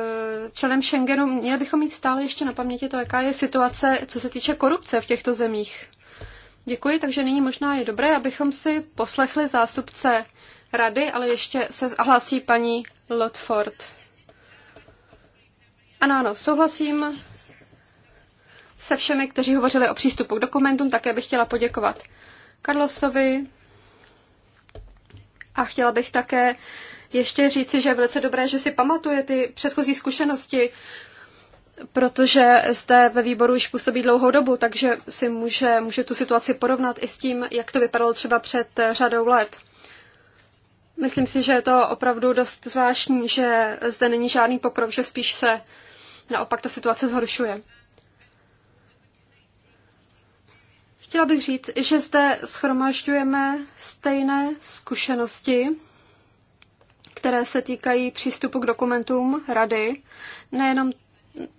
členem Schengenu, měli bychom mít stále ještě na paměti to, jaká je situace, co se týče korupce v těchto zemích. Děkuji, takže nyní možná je dobré, abychom si poslechli zástupce rady, ale ještě se hlásí paní Lotford. Ano, ano, souhlasím se všemi, kteří hovořili o přístupu k dokumentům, také bych chtěla poděkovat Karlosovi a chtěla bych také ještě říci, že je velice dobré, že si pamatuje ty předchozí zkušenosti, protože zde ve výboru už působí dlouhou dobu, takže si může, může tu situaci porovnat i s tím, jak to vypadalo třeba před řadou let. Myslím si, že je to opravdu dost zvláštní, že zde není žádný pokrok, že spíš se naopak ta situace zhoršuje. Chtěla bych říct, že zde schromažďujeme stejné zkušenosti, které se týkají přístupu k dokumentům rady, nejenom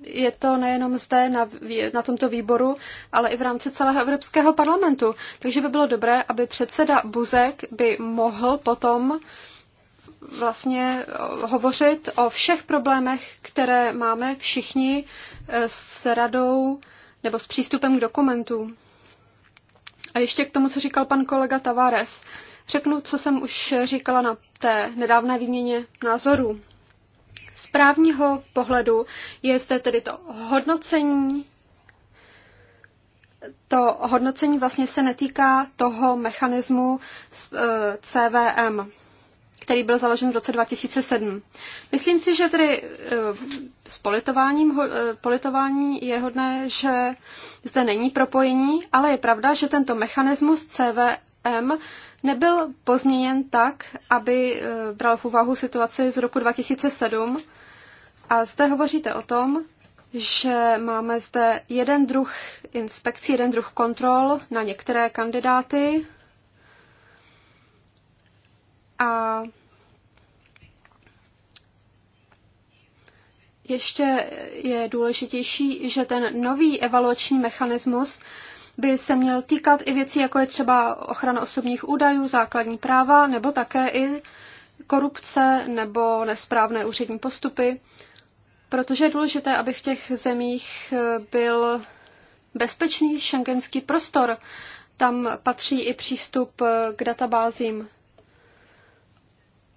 je to nejenom zde na, na tomto výboru, ale i v rámci celého Evropského parlamentu. Takže by bylo dobré, aby předseda Buzek by mohl potom vlastně hovořit o všech problémech, které máme všichni e, s radou nebo s přístupem k dokumentu. A ještě k tomu, co říkal pan kolega Tavares. Řeknu, co jsem už říkala na té nedávné výměně názorů. Z právního pohledu je zde tedy to hodnocení. To hodnocení vlastně se netýká toho mechanismu e, CVM, který byl založen v roce 2007. Myslím si, že tedy e, s politováním, e, politování je hodné, že zde není propojení, ale je pravda, že tento mechanismus CVM nebyl pozměněn tak, aby e, bral v úvahu situaci z roku 2007. A zde hovoříte o tom, že máme zde jeden druh inspekcí, jeden druh kontrol na některé kandidáty. A ještě je důležitější, že ten nový evaluační mechanismus by se měl týkat i věcí, jako je třeba ochrana osobních údajů, základní práva, nebo také i korupce nebo nesprávné úřední postupy, protože je důležité, aby v těch zemích eh, byl bezpečný šengenský prostor. Tam patří i přístup eh, k databázím.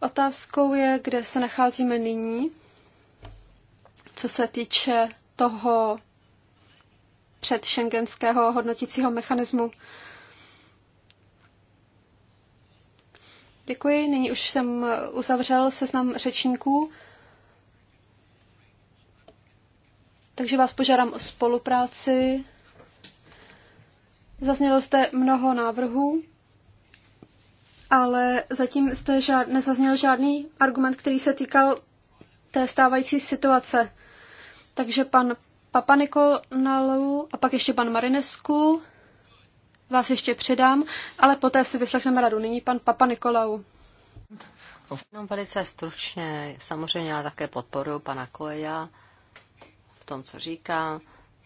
Otázkou je, kde se nacházíme nyní, co se týče toho před šengenského hodnotícího mechanismu. Děkuji. Nyní už jsem uzavřel seznam řečníků. Takže vás požádám o spolupráci. Zaznělo zde mnoho návrhů, ale zatím zde žád, nezazněl žádný argument, který se týkal té stávající situace. Takže pan Papa Nikolaou a pak ještě pan Marinesku. Vás ještě předám, ale poté si vyslechneme radu. Nyní pan Papa Nikolau. No, velice stručně. Samozřejmě já také podporuji pana Koeja v tom, co říká.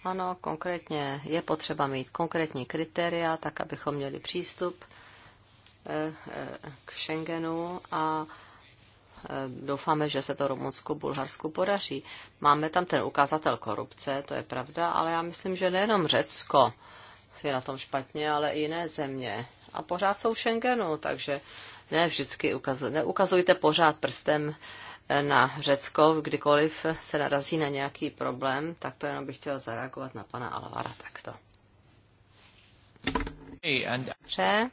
Ano, konkrétně je potřeba mít konkrétní kritéria, tak abychom měli přístup eh, eh, k Schengenu a Eh, doufáme, že se to Rumunsku, Bulharsku podaří. Máme tam ten ukazatel korupce, to je pravda, ale já myslím, že nejenom Řecko je na tom špatně, ale i jiné země. A pořád jsou v Schengenu, takže ne vždycky ukazuj, neukazujte pořád prstem eh, na Řecko, kdykoliv se narazí na nějaký problém, tak to jenom bych chtěla zareagovat na pana Alvara takto. Dobře,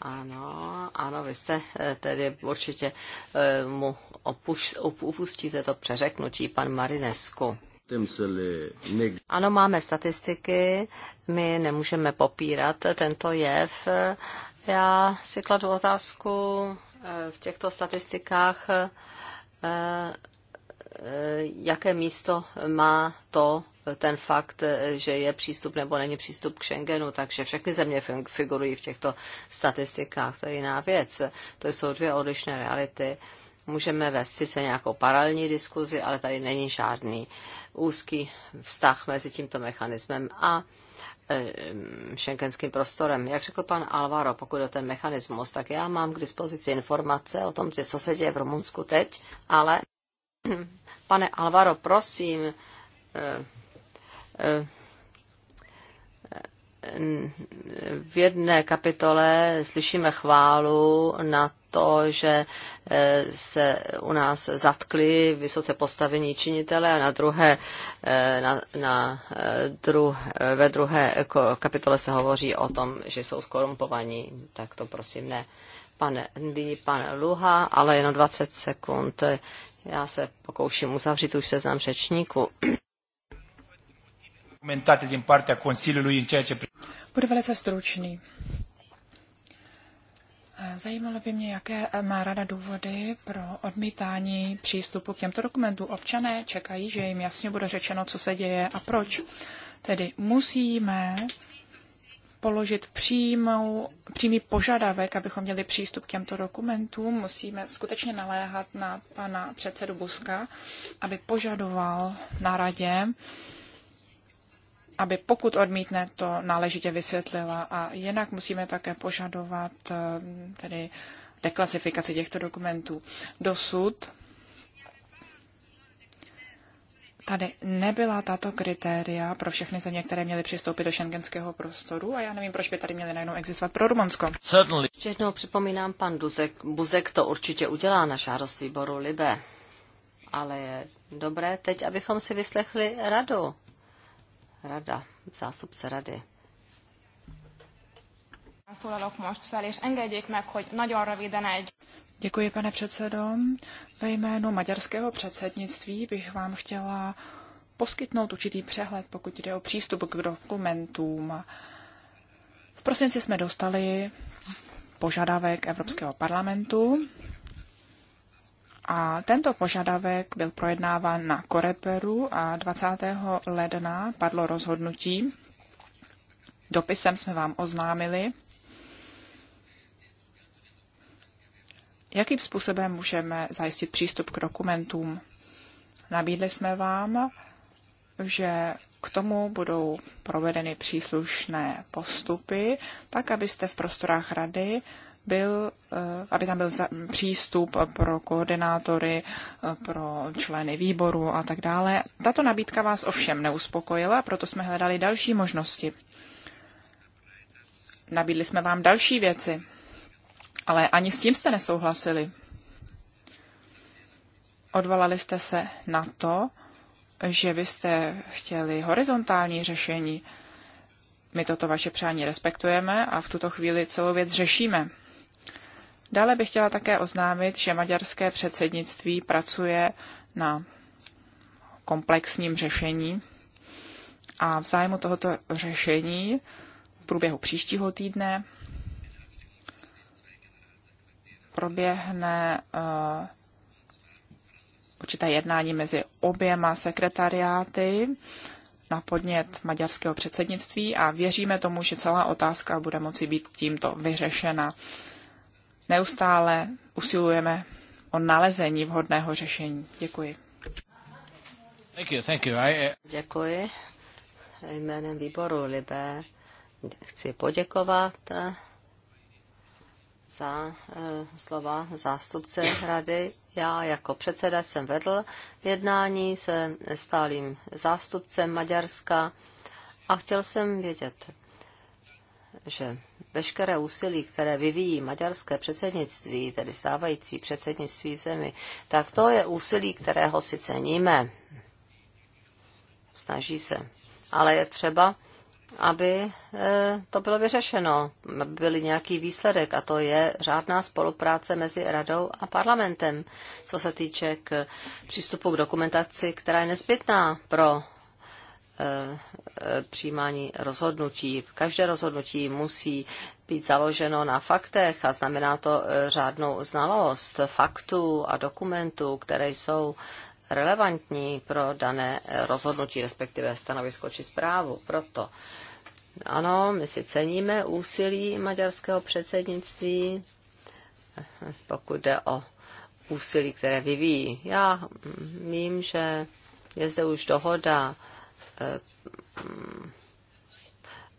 Ano, ano, vy jste eh, tedy určitě eh, mu opuš, upustíte to přeřeknutí, pan Marinesku. Ano, máme statistiky, my nemůžeme popírat tento jev. Já si kladu otázku eh, v těchto statistikách, jaké místo má to, ten fakt, že je přístup nebo není přístup k Schengenu, takže všechny země figurují v těchto statistikách, to je jiná věc. To jsou dvě odlišné reality. Můžeme vést sice nějakou paralelní diskuzi, ale tady není žádný úzký vztah mezi tímto mechanismem a šenkenským prostorem. Jak řekl pan Alvaro, pokud o ten mechanismus, tak já mám k dispozici informace o tom, co se děje v Rumunsku teď, ale pane Alvaro, prosím, eh, v jedné kapitole slyšíme chválu na to, že eh, se u nás zatkli vysoce postavení činitele a na druhé, eh, na, na eh, dru, ve druhé kapitole se hovoří o tom, že jsou skorumpovaní. Tak to prosím ne. Pane, nyní pane Luha, ale jenom 20 sekund. Já se pokouším uzavřít už seznam řečníků comentate din partea Consiliului în ceea ce... Budu velice stručný. Zajímalo by mě, jaké má rada důvody pro odmítání přístupu k těmto dokumentům. Občané čekají, že jim jasně bude řečeno, co se děje a proč. Tedy musíme položit přímou, přímý požadavek, abychom měli přístup k těmto dokumentům. Musíme skutečně naléhat na pana předsedu Buska, aby požadoval na radě, aby pokud odmítne, to náležitě vysvětlila. A jinak musíme také požadovat eh, tedy deklasifikaci těchto dokumentů. Dosud tady nebyla tato kritéria pro všechny země, které měly přistoupit do šengenského prostoru a já nevím, proč by tady měly najednou existovat pro Rumunsko. Ještě jednou připomínám, pan Duzek, Buzek to určitě udělá na žádost výboru Libe, ale je dobré teď, abychom si vyslechli radu rada, zásupce rady. Děkuji, pane předsedo. Ve jménu maďarského předsednictví bych vám chtěla poskytnout určitý přehled, pokud jde o přístup k dokumentům. V prosinci jsme dostali požadavek Evropského parlamentu a tento požadavek byl projednáván na Koreperu a 20. ledna padlo rozhodnutí. Dopisem jsme vám oznámili, jakým způsobem můžeme zajistit přístup k dokumentům. Nabídli jsme vám, že k tomu budou provedeny příslušné postupy, tak abyste v prostorách rady byl, eh, aby tam byl přístup pro koordinátory, eh, pro členy výboru a tak dále. Tato nabídka vás ovšem neuspokojila, proto jsme hledali další možnosti. Nabídli jsme vám další věci, ale ani s tím jste nesouhlasili. Odvolali jste se na to, že byste chtěli horizontální řešení. My toto vaše přání respektujeme a v tuto chvíli celou věc řešíme. Dále bych chtěla také oznámit, že maďarské předsednictví pracuje na komplexním řešení a v zájmu tohoto řešení v průběhu příštího týdne proběhne uh, určité jednání mezi oběma sekretariáty na podnět maďarského předsednictví a věříme tomu, že celá otázka bude moci být tímto vyřešena neustále usilujeme o nalezení vhodného řešení. Děkuji. Thank you, thank you. I... Eh, Děkuji. Jménem výboru Libe chci poděkovat eh, za eh, slova zástupce rady. Já jako předseda jsem vedl jednání se stálým zástupcem Maďarska a chtěl jsem vědět, že veškeré úsilí, které vyvíjí maďarské předsednictví, tedy stávající předsednictví v zemi, tak to je úsilí, kterého si ceníme. Snaží se. Ale je třeba, aby eh, to bylo vyřešeno, aby byl nějaký výsledek a to je řádná spolupráce mezi radou a parlamentem, co se týče k přístupu k dokumentaci, která je nezbytná pro Eh, přijímání rozhodnutí. Každé rozhodnutí musí být založeno na faktech a znamená to eh, řádnou znalost faktů a dokumentů, které jsou relevantní pro dané rozhodnutí, respektive stanovisko či zprávu. Proto ano, my si ceníme úsilí maďarského předsednictví, pokud jde o úsilí, které vyvíjí. Já vím, že je zde už dohoda Eh,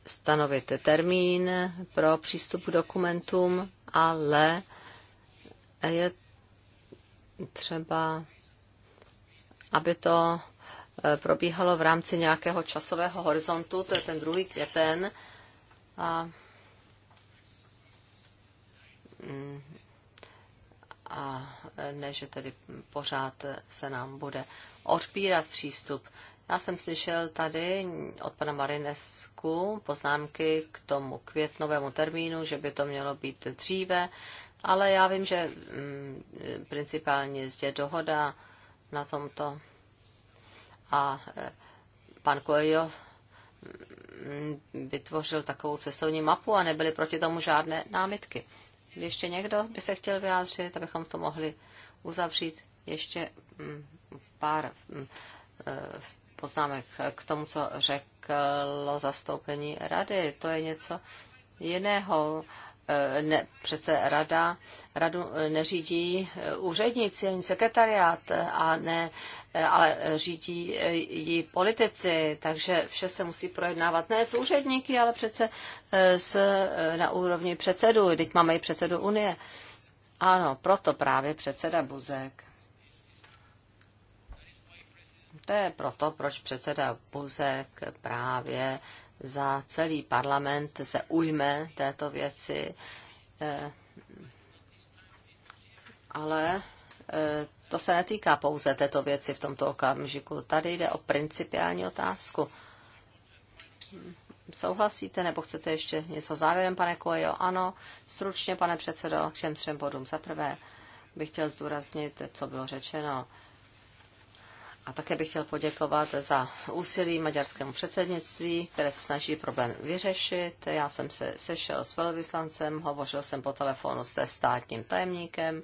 stanovit termín pro přístup k dokumentům, ale je třeba, aby to eh, probíhalo v rámci nějakého časového horizontu, to je ten druhý květen. A, mm, a ne, že tedy pořád se nám bude odpírat přístup já jsem slyšel tady od pana Marinesku poznámky k tomu květnovému termínu, že by to mělo být dříve, ale já vím, že mm, principálně zde dohoda na tomto a e, pan Coelho mm, vytvořil takovou cestovní mapu a nebyly proti tomu žádné námitky. Ještě někdo by se chtěl vyjádřit, abychom to mohli uzavřít ještě mm, pár mm, e, poznámek k tomu, co řeklo zastoupení rady. To je něco jiného. E, ne, přece rada, radu neřídí e, úředníci ani sekretariát, e, a ne, ale řídí ji politici, takže vše se musí projednávat ne s úředníky, ale přece s, na úrovni předsedů. Teď máme i předsedu Unie. Ano, proto právě předseda Buzek to je proto, proč předseda Buzek právě za celý parlament se ujme této věci. Eh, ale eh, to se netýká pouze této věci v tomto okamžiku. Tady jde o principiální otázku. Souhlasíte nebo chcete ještě něco závěrem, pane Kojo? Ano, stručně, pane předsedo, k všem třem bodům. Za prvé bych chtěl zdůraznit, co bylo řečeno. A také bych chtěl poděkovat za úsilí maďarskému předsednictví, které se snaží problém vyřešit. Já jsem se sešel s velvyslancem, hovořil jsem po telefonu se státním tajemníkem.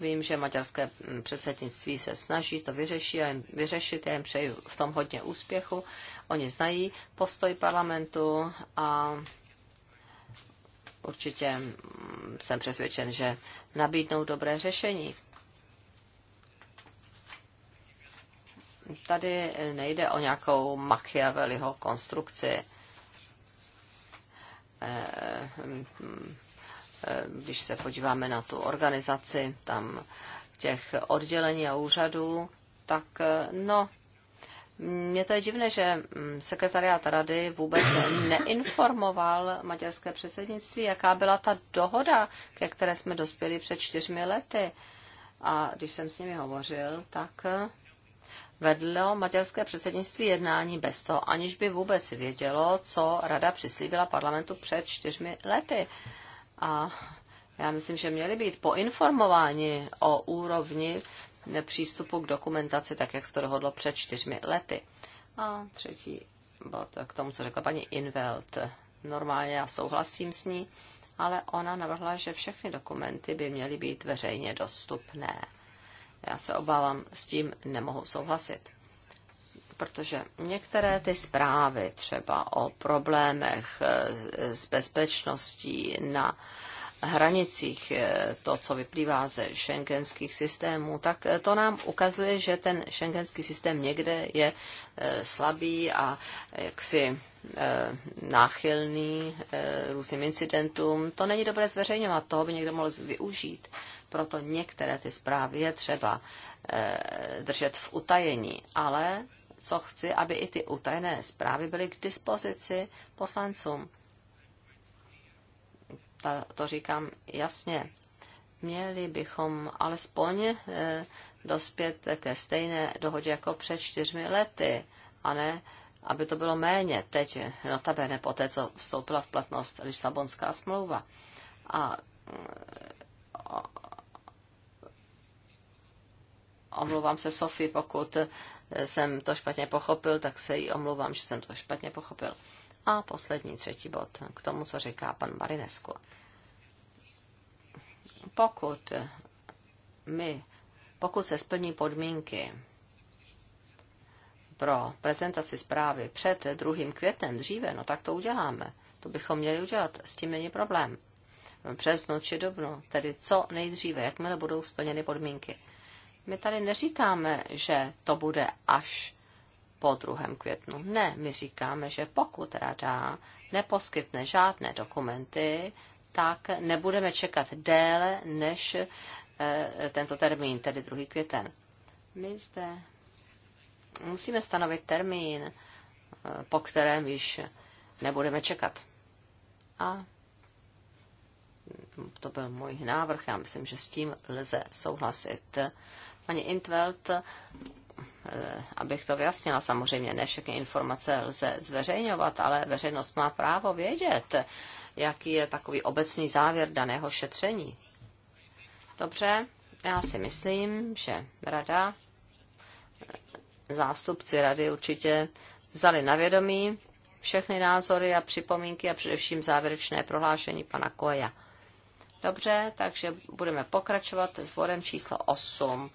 Vím, že maďarské předsednictví se snaží to vyřešit a jim, vyřešit. Já jim přeji v tom hodně úspěchu. Oni znají postoj parlamentu a určitě mm, jsem přesvědčen, že nabídnou dobré řešení Tady nejde o nějakou Machiavelliho konstrukci. Eh, eh, když se podíváme na tu organizaci tam těch oddělení a úřadů, tak eh, no, mně to je divné, že mm, sekretariát rady vůbec neinformoval maďarské předsednictví, jaká byla ta dohoda, ke které jsme dospěli před čtyřmi lety. A když jsem s nimi hovořil, tak vedlo maďarské předsednictví jednání bez toho, aniž by vůbec vědělo, co rada přislíbila parlamentu před čtyřmi lety. A já myslím, že měli být poinformováni o úrovni přístupu k dokumentaci, tak jak se to dohodlo před čtyřmi lety. A třetí bod k tomu, co řekla paní Invelt. Normálně já souhlasím s ní, ale ona navrhla, že všechny dokumenty by měly být veřejně dostupné. Já se obávám, s tím nemohu souhlasit. Protože některé ty zprávy třeba o problémech eh, s bezpečností na hranicích, eh, to, co vyplývá ze šengenských systémů, tak eh, to nám ukazuje, že ten šengenský systém někde je slabý a jaksi náchylný různým incidentům. To není dobré zveřejňovat, toho by někdo mohl využít. Proto některé ty zprávy je třeba eh, držet v utajení, ale co chci, aby i ty utajené zprávy byly k dispozici poslancům. Ta, to říkám jasně. Měli bychom alespoň eh, dospět ke stejné dohodě jako před čtyřmi lety, a ne, aby to bylo méně teď, notabene po té, co vstoupila v platnost Lisabonská smlouva. A eh, omlouvám se Sofii, pokud jsem to špatně pochopil, tak se jí omlouvám, že jsem to špatně pochopil. A poslední, třetí bod, k tomu, co říká pan Marinesku. Pokud my, pokud se splní podmínky pro prezentaci zprávy před 2. květnem dříve, no tak to uděláme. To bychom měli udělat, s tím není problém. Přes noči dobnu, tedy co nejdříve, jakmile budou splněny podmínky. My tady neříkáme, že to bude až po 2. květnu. Ne, my říkáme, že pokud rada neposkytne žádné dokumenty, tak nebudeme čekat déle než eh, tento termín, tedy 2. květen. My zde musíme stanovit termín, eh, po kterém již nebudeme čekat. A to byl můj návrh, já myslím, že s tím lze souhlasit paní Intveld, eh, abych to vyjasnila, samozřejmě ne všechny informace lze zveřejňovat, ale veřejnost má právo vědět, jaký je takový obecný závěr daného šetření. Dobře, já si myslím, že rada, zástupci rady určitě vzali na vědomí všechny názory a připomínky a především závěrečné prohlášení pana Koja. Dobře, takže budeme pokračovat s bodem číslo 8,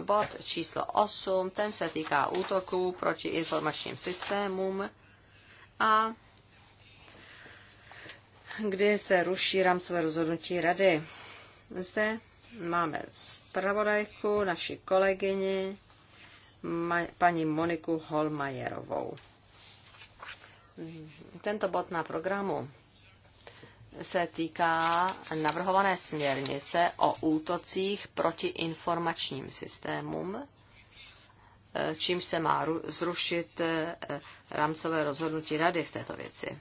bod číslo 8, ten se týká útoků proti informačním systémům a kdy se ruší rámcové rozhodnutí rady. Zde máme zpravodajku, naši kolegyni, paní Moniku Holmajerovou. Tento bod na programu se týká navrhované směrnice o útocích proti informačním systémům, e, čím se má zrušit e, rámcové rozhodnutí rady v této věci.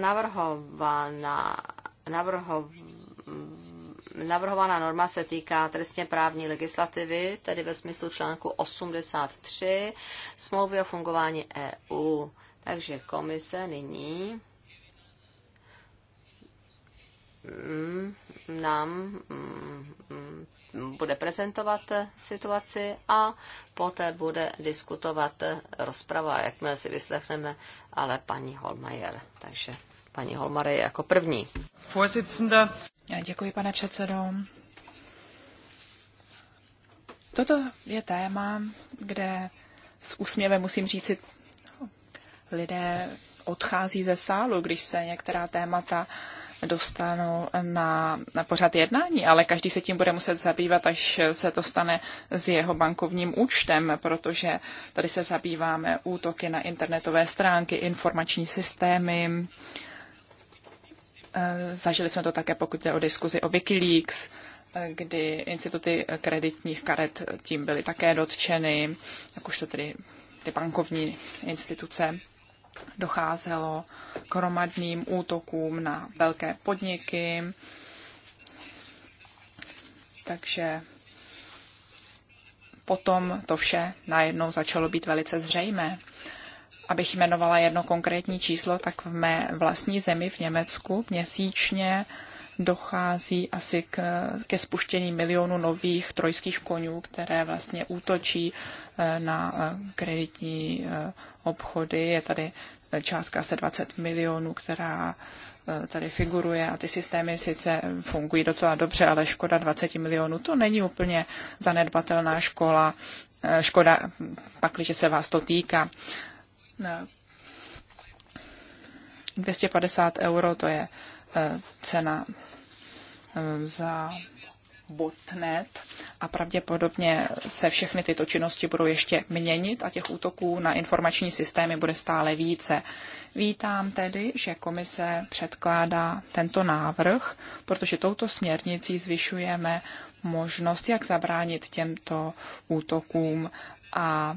Navrhovaná, navrho, navrhovaná norma se týká trestně právní legislativy, tedy ve smyslu článku 83 smlouvy o fungování EU. Takže komise nyní mm, nám mm, mm, bude prezentovat situaci a poté bude diskutovat rozprava, jakmile si vyslechneme, ale paní Holmajer. Takže paní Holmajer je jako první. Děkuji, pane předsedo. Toto je téma, kde s úsměvem musím říct lidé odchází ze sálu, když se některá témata dostanou na, na pořad jednání, ale každý se tím bude muset zabývat, až se to stane s jeho bankovním účtem, protože tady se zabýváme útoky na internetové stránky, informační systémy. Eh, zažili jsme to také, pokud jde o diskuzi o Wikileaks, eh, kdy instituty kreditních karet tím byly také dotčeny, jakožto tedy ty bankovní instituce docházelo k hromadným útokům na velké podniky. Takže potom to vše najednou začalo být velice zřejmé. Abych jmenovala jedno konkrétní číslo, tak v mé vlastní zemi v Německu měsíčně dochází asi k, ke spuštění milionu nových trojských konňů, které vlastně útočí eh, na eh, kreditní eh, obchody. Je tady částka se 20 milionů, která tady figuruje a ty systémy sice fungují docela dobře, ale škoda 20 milionů, to není úplně zanedbatelná škola, škoda, pakliže se vás to týká. 250 euro to je cena Eh, za botnet a pravděpodobně se všechny tyto činnosti budou ještě měnit a těch útoků na informační systémy bude stále více. Vítám tedy, že komise předkládá tento návrh, protože touto směrnicí zvyšujeme možnost, jak zabránit těmto útokům a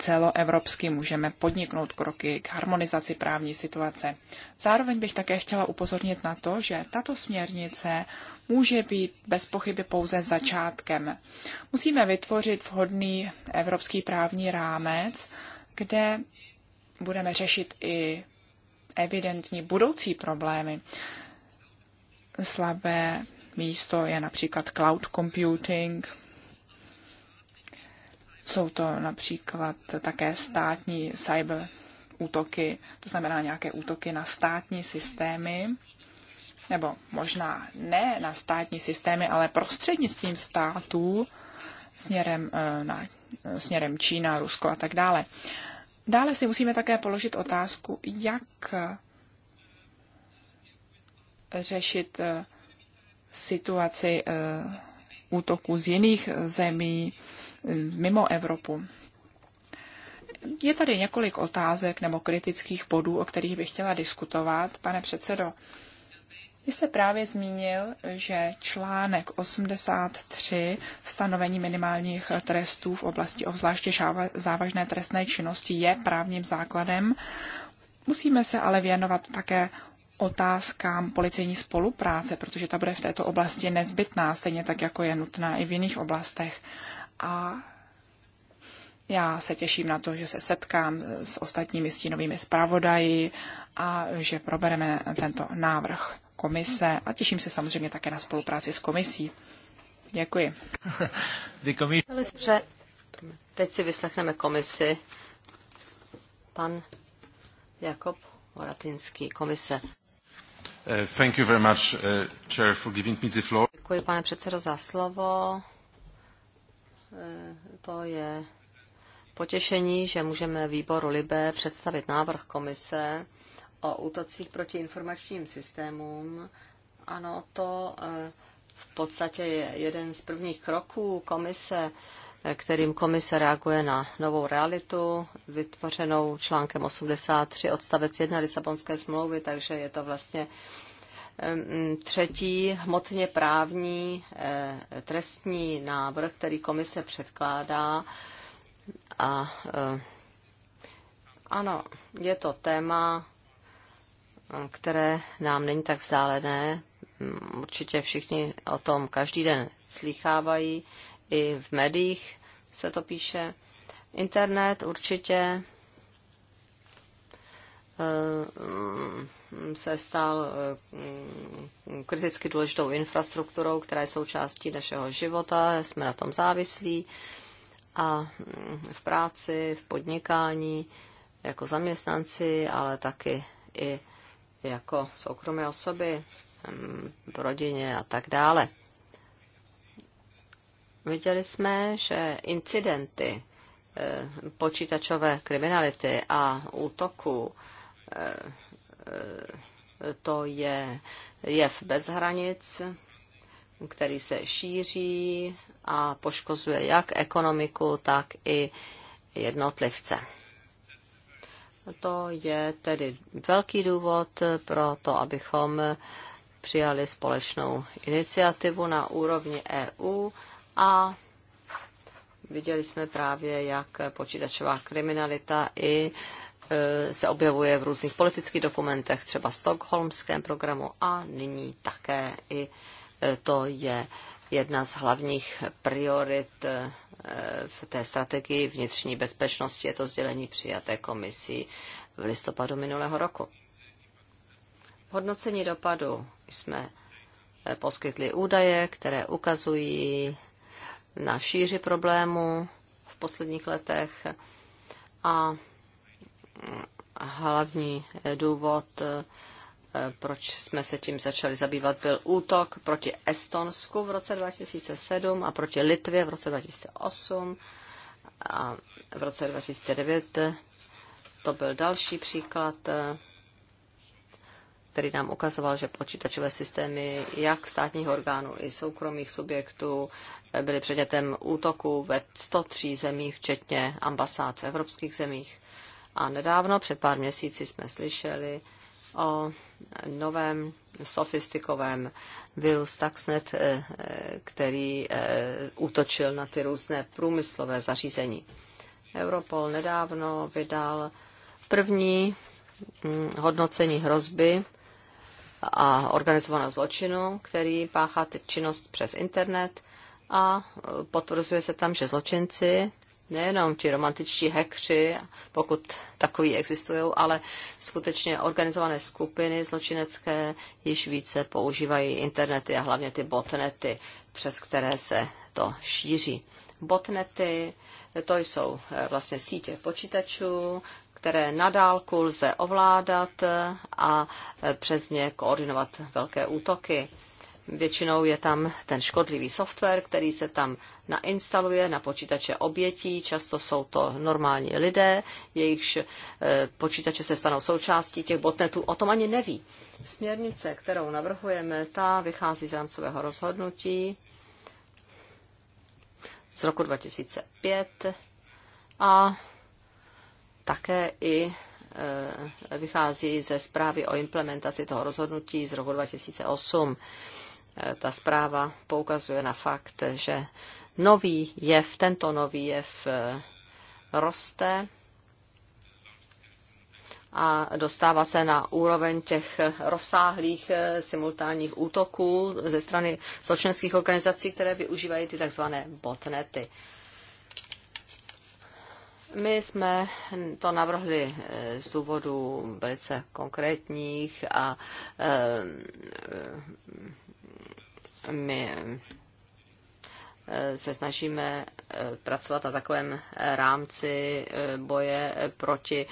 celoevropsky můžeme podniknout kroky k harmonizaci právní situace. Zároveň bych také chtěla upozornit na to, že tato směrnice může být bez pochyby pouze začátkem. Musíme vytvořit vhodný evropský právní rámec, kde budeme řešit i evidentní budoucí problémy. Slabé místo je například cloud computing, jsou to například také státní cyber útoky, to znamená nějaké útoky na státní systémy, nebo možná ne na státní systémy, ale prostřednictvím států směrem, eh, na, směrem Čína, Rusko a tak dále. Dále si musíme také položit otázku, jak řešit eh, situaci eh, útoků z jiných zemí, mimo Evropu. Je tady několik otázek nebo kritických bodů, o kterých bych chtěla diskutovat. Pane předsedo, vy jste právě zmínil, že článek 83 stanovení minimálních trestů v oblasti obzvláště závažné trestné činnosti je právním základem. Musíme se ale věnovat také otázkám policejní spolupráce, protože ta bude v této oblasti nezbytná, stejně tak jako je nutná i v jiných oblastech a já se těším na to, že se setkám s ostatními stínovými zpravodaji a že probereme tento návrh komise a těším se samozřejmě také na spolupráci s komisí. Děkuji. Dobře, teď si vyslechneme komisi. Pan Jakob Moratinský, komise. Eh, thank you very much, eh, Chair, for giving me the floor. Děkuji, pane předsedo, za slovo. Eh, to je potěšení, že můžeme výboru Libe představit návrh komise o útocích proti informačním systémům. Ano, to eh, v podstatě je jeden z prvních kroků komise, eh, kterým komise reaguje na novou realitu, vytvořenou článkem 83 odstavec 1 Lisabonské smlouvy, takže je to vlastně třetí hmotně právní eh, trestní návrh, který komise předkládá. A eh, ano, je to téma, které nám není tak vzdálené. Mm, určitě všichni o tom každý den slýchávají, i v médiích se to píše. Internet určitě eh, mm, Mm, se stal eh, mm, kriticky důležitou infrastrukturou, která je součástí našeho života, jsme na tom závislí a mm, v práci, v podnikání, jako zaměstnanci, ale taky i jako soukromé osoby, v rodině a tak dále. Viděli jsme, že incidenty eh, počítačové kriminality a útoku eh, Eh, to je jev bez hranic, který se šíří a poškozuje jak ekonomiku, tak i jednotlivce. To je tedy velký důvod pro to, abychom přijali společnou iniciativu na úrovni EU a viděli jsme právě, jak počítačová kriminalita i E, se objevuje v různých politických dokumentech, třeba Stockholmském programu a nyní také i e, to je jedna z hlavních priorit e, v té strategii vnitřní bezpečnosti. Je to sdělení přijaté komisí v listopadu minulého roku. V hodnocení dopadu jsme poskytli údaje, které ukazují na šíři problému v posledních letech a hlavní eh, důvod, eh, eh, proč jsme se tím začali zabývat, byl útok proti Estonsku v roce 2007 a proti Litvě v roce 2008 a v roce 2009 to byl další příklad, který nám ukazoval, že počítačové systémy jak státních orgánů i soukromých subjektů byly předmětem útoku ve 103 zemích, včetně ambasád v evropských zemích. A nedávno, před pár měsíci, jsme slyšeli o novém sofistikovém viru Stuxnet, eh, který eh, útočil na ty různé průmyslové zařízení. Europol nedávno vydal první mm, hodnocení hrozby a organizovaného zločinu, který páchá činnost přes internet a eh, potvrzuje se tam, že zločinci nejenom ti romantičtí hekři, pokud takový existují, ale skutečně organizované skupiny zločinecké již více používají internety a hlavně ty botnety, přes které se to šíří. Botnety, to jsou eh, vlastně sítě počítačů, které nadálku lze ovládat eh, a eh, přes ně koordinovat velké útoky. Většinou je tam ten škodlivý software, který se tam nainstaluje na počítače obětí. Často jsou to normální lidé, jejichž eh, počítače se stanou součástí těch botnetů. O tom ani neví. Směrnice, kterou navrhujeme, ta vychází z rámcového rozhodnutí z roku 2005 a také i eh, vychází ze zprávy o implementaci toho rozhodnutí z roku 2008. Eh, ta zpráva poukazuje na fakt, že nový jev, tento nový jev eh, roste a dostává se na úroveň těch rozsáhlých eh, simultánních útoků ze strany sločenských organizací, které využívají ty tzv. botnety. My jsme to navrhli z důvodů velice konkrétních a my eh, se snažíme eh, pracovat na takovém rámci eh, boje proti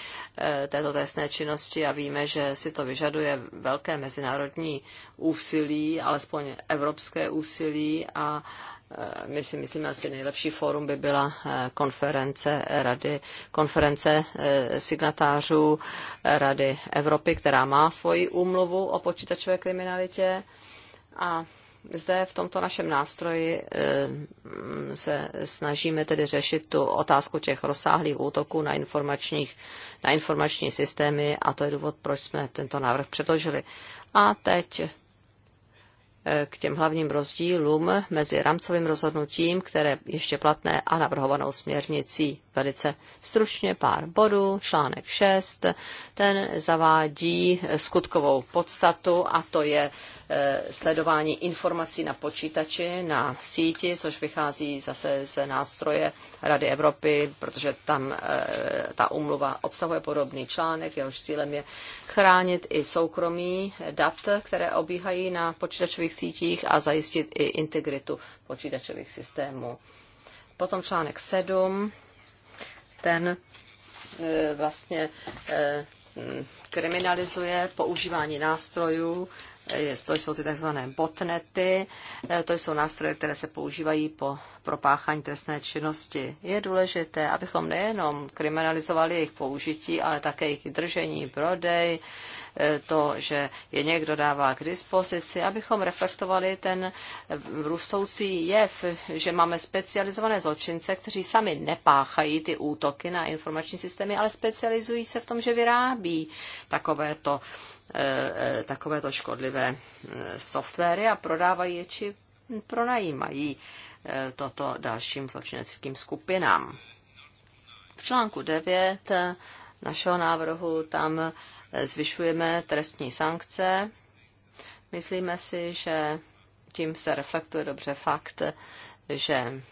této trestné činnosti a víme, že si to vyžaduje velké mezinárodní úsilí, alespoň evropské úsilí a my si myslíme, asi nejlepší fórum by byla konference rady, konference signatářů Rady Evropy, která má svoji úmluvu o počítačové kriminalitě. A zde v tomto našem nástroji eh, se snažíme tedy řešit tu otázku těch rozsáhlých útoků na, informačních, na informační systémy a to je důvod, proč jsme tento návrh předložili. A teď eh, k těm hlavním rozdílům mezi rámcovým rozhodnutím, které ještě platné a navrhovanou směrnicí. Velice stručně pár bodů. Článek 6, ten zavádí skutkovou podstatu a to je Eh, sledování informací na počítači, na síti, což vychází zase z nástroje Rady Evropy, protože tam eh, ta umluva obsahuje podobný článek, jehož cílem je chránit i soukromí dat, které obíhají na počítačových sítích a zajistit i integritu počítačových systémů. Potom článek 7, ten eh, vlastně mm, kriminalizuje používání nástrojů, to jsou ty tzv. botnety, e, to jsou nástroje, které se používají po propáchání trestné činnosti. Je důležité, abychom nejenom kriminalizovali jejich použití, ale také jejich držení, prodej, e, to, že je někdo dává k dispozici, abychom reflektovali ten růstoucí jev, že máme specializované zločince, kteří sami nepáchají ty útoky na informační systémy, ale specializují se v tom, že vyrábí takovéto Eh, eh, takovéto škodlivé eh, softwary a prodávají je či pronajímají toto dalším zločineckým skupinám. V článku 9 našeho návrhu tam zvyšujeme trestní sankce. Myslíme si, že tím se reflektuje dobře fakt, že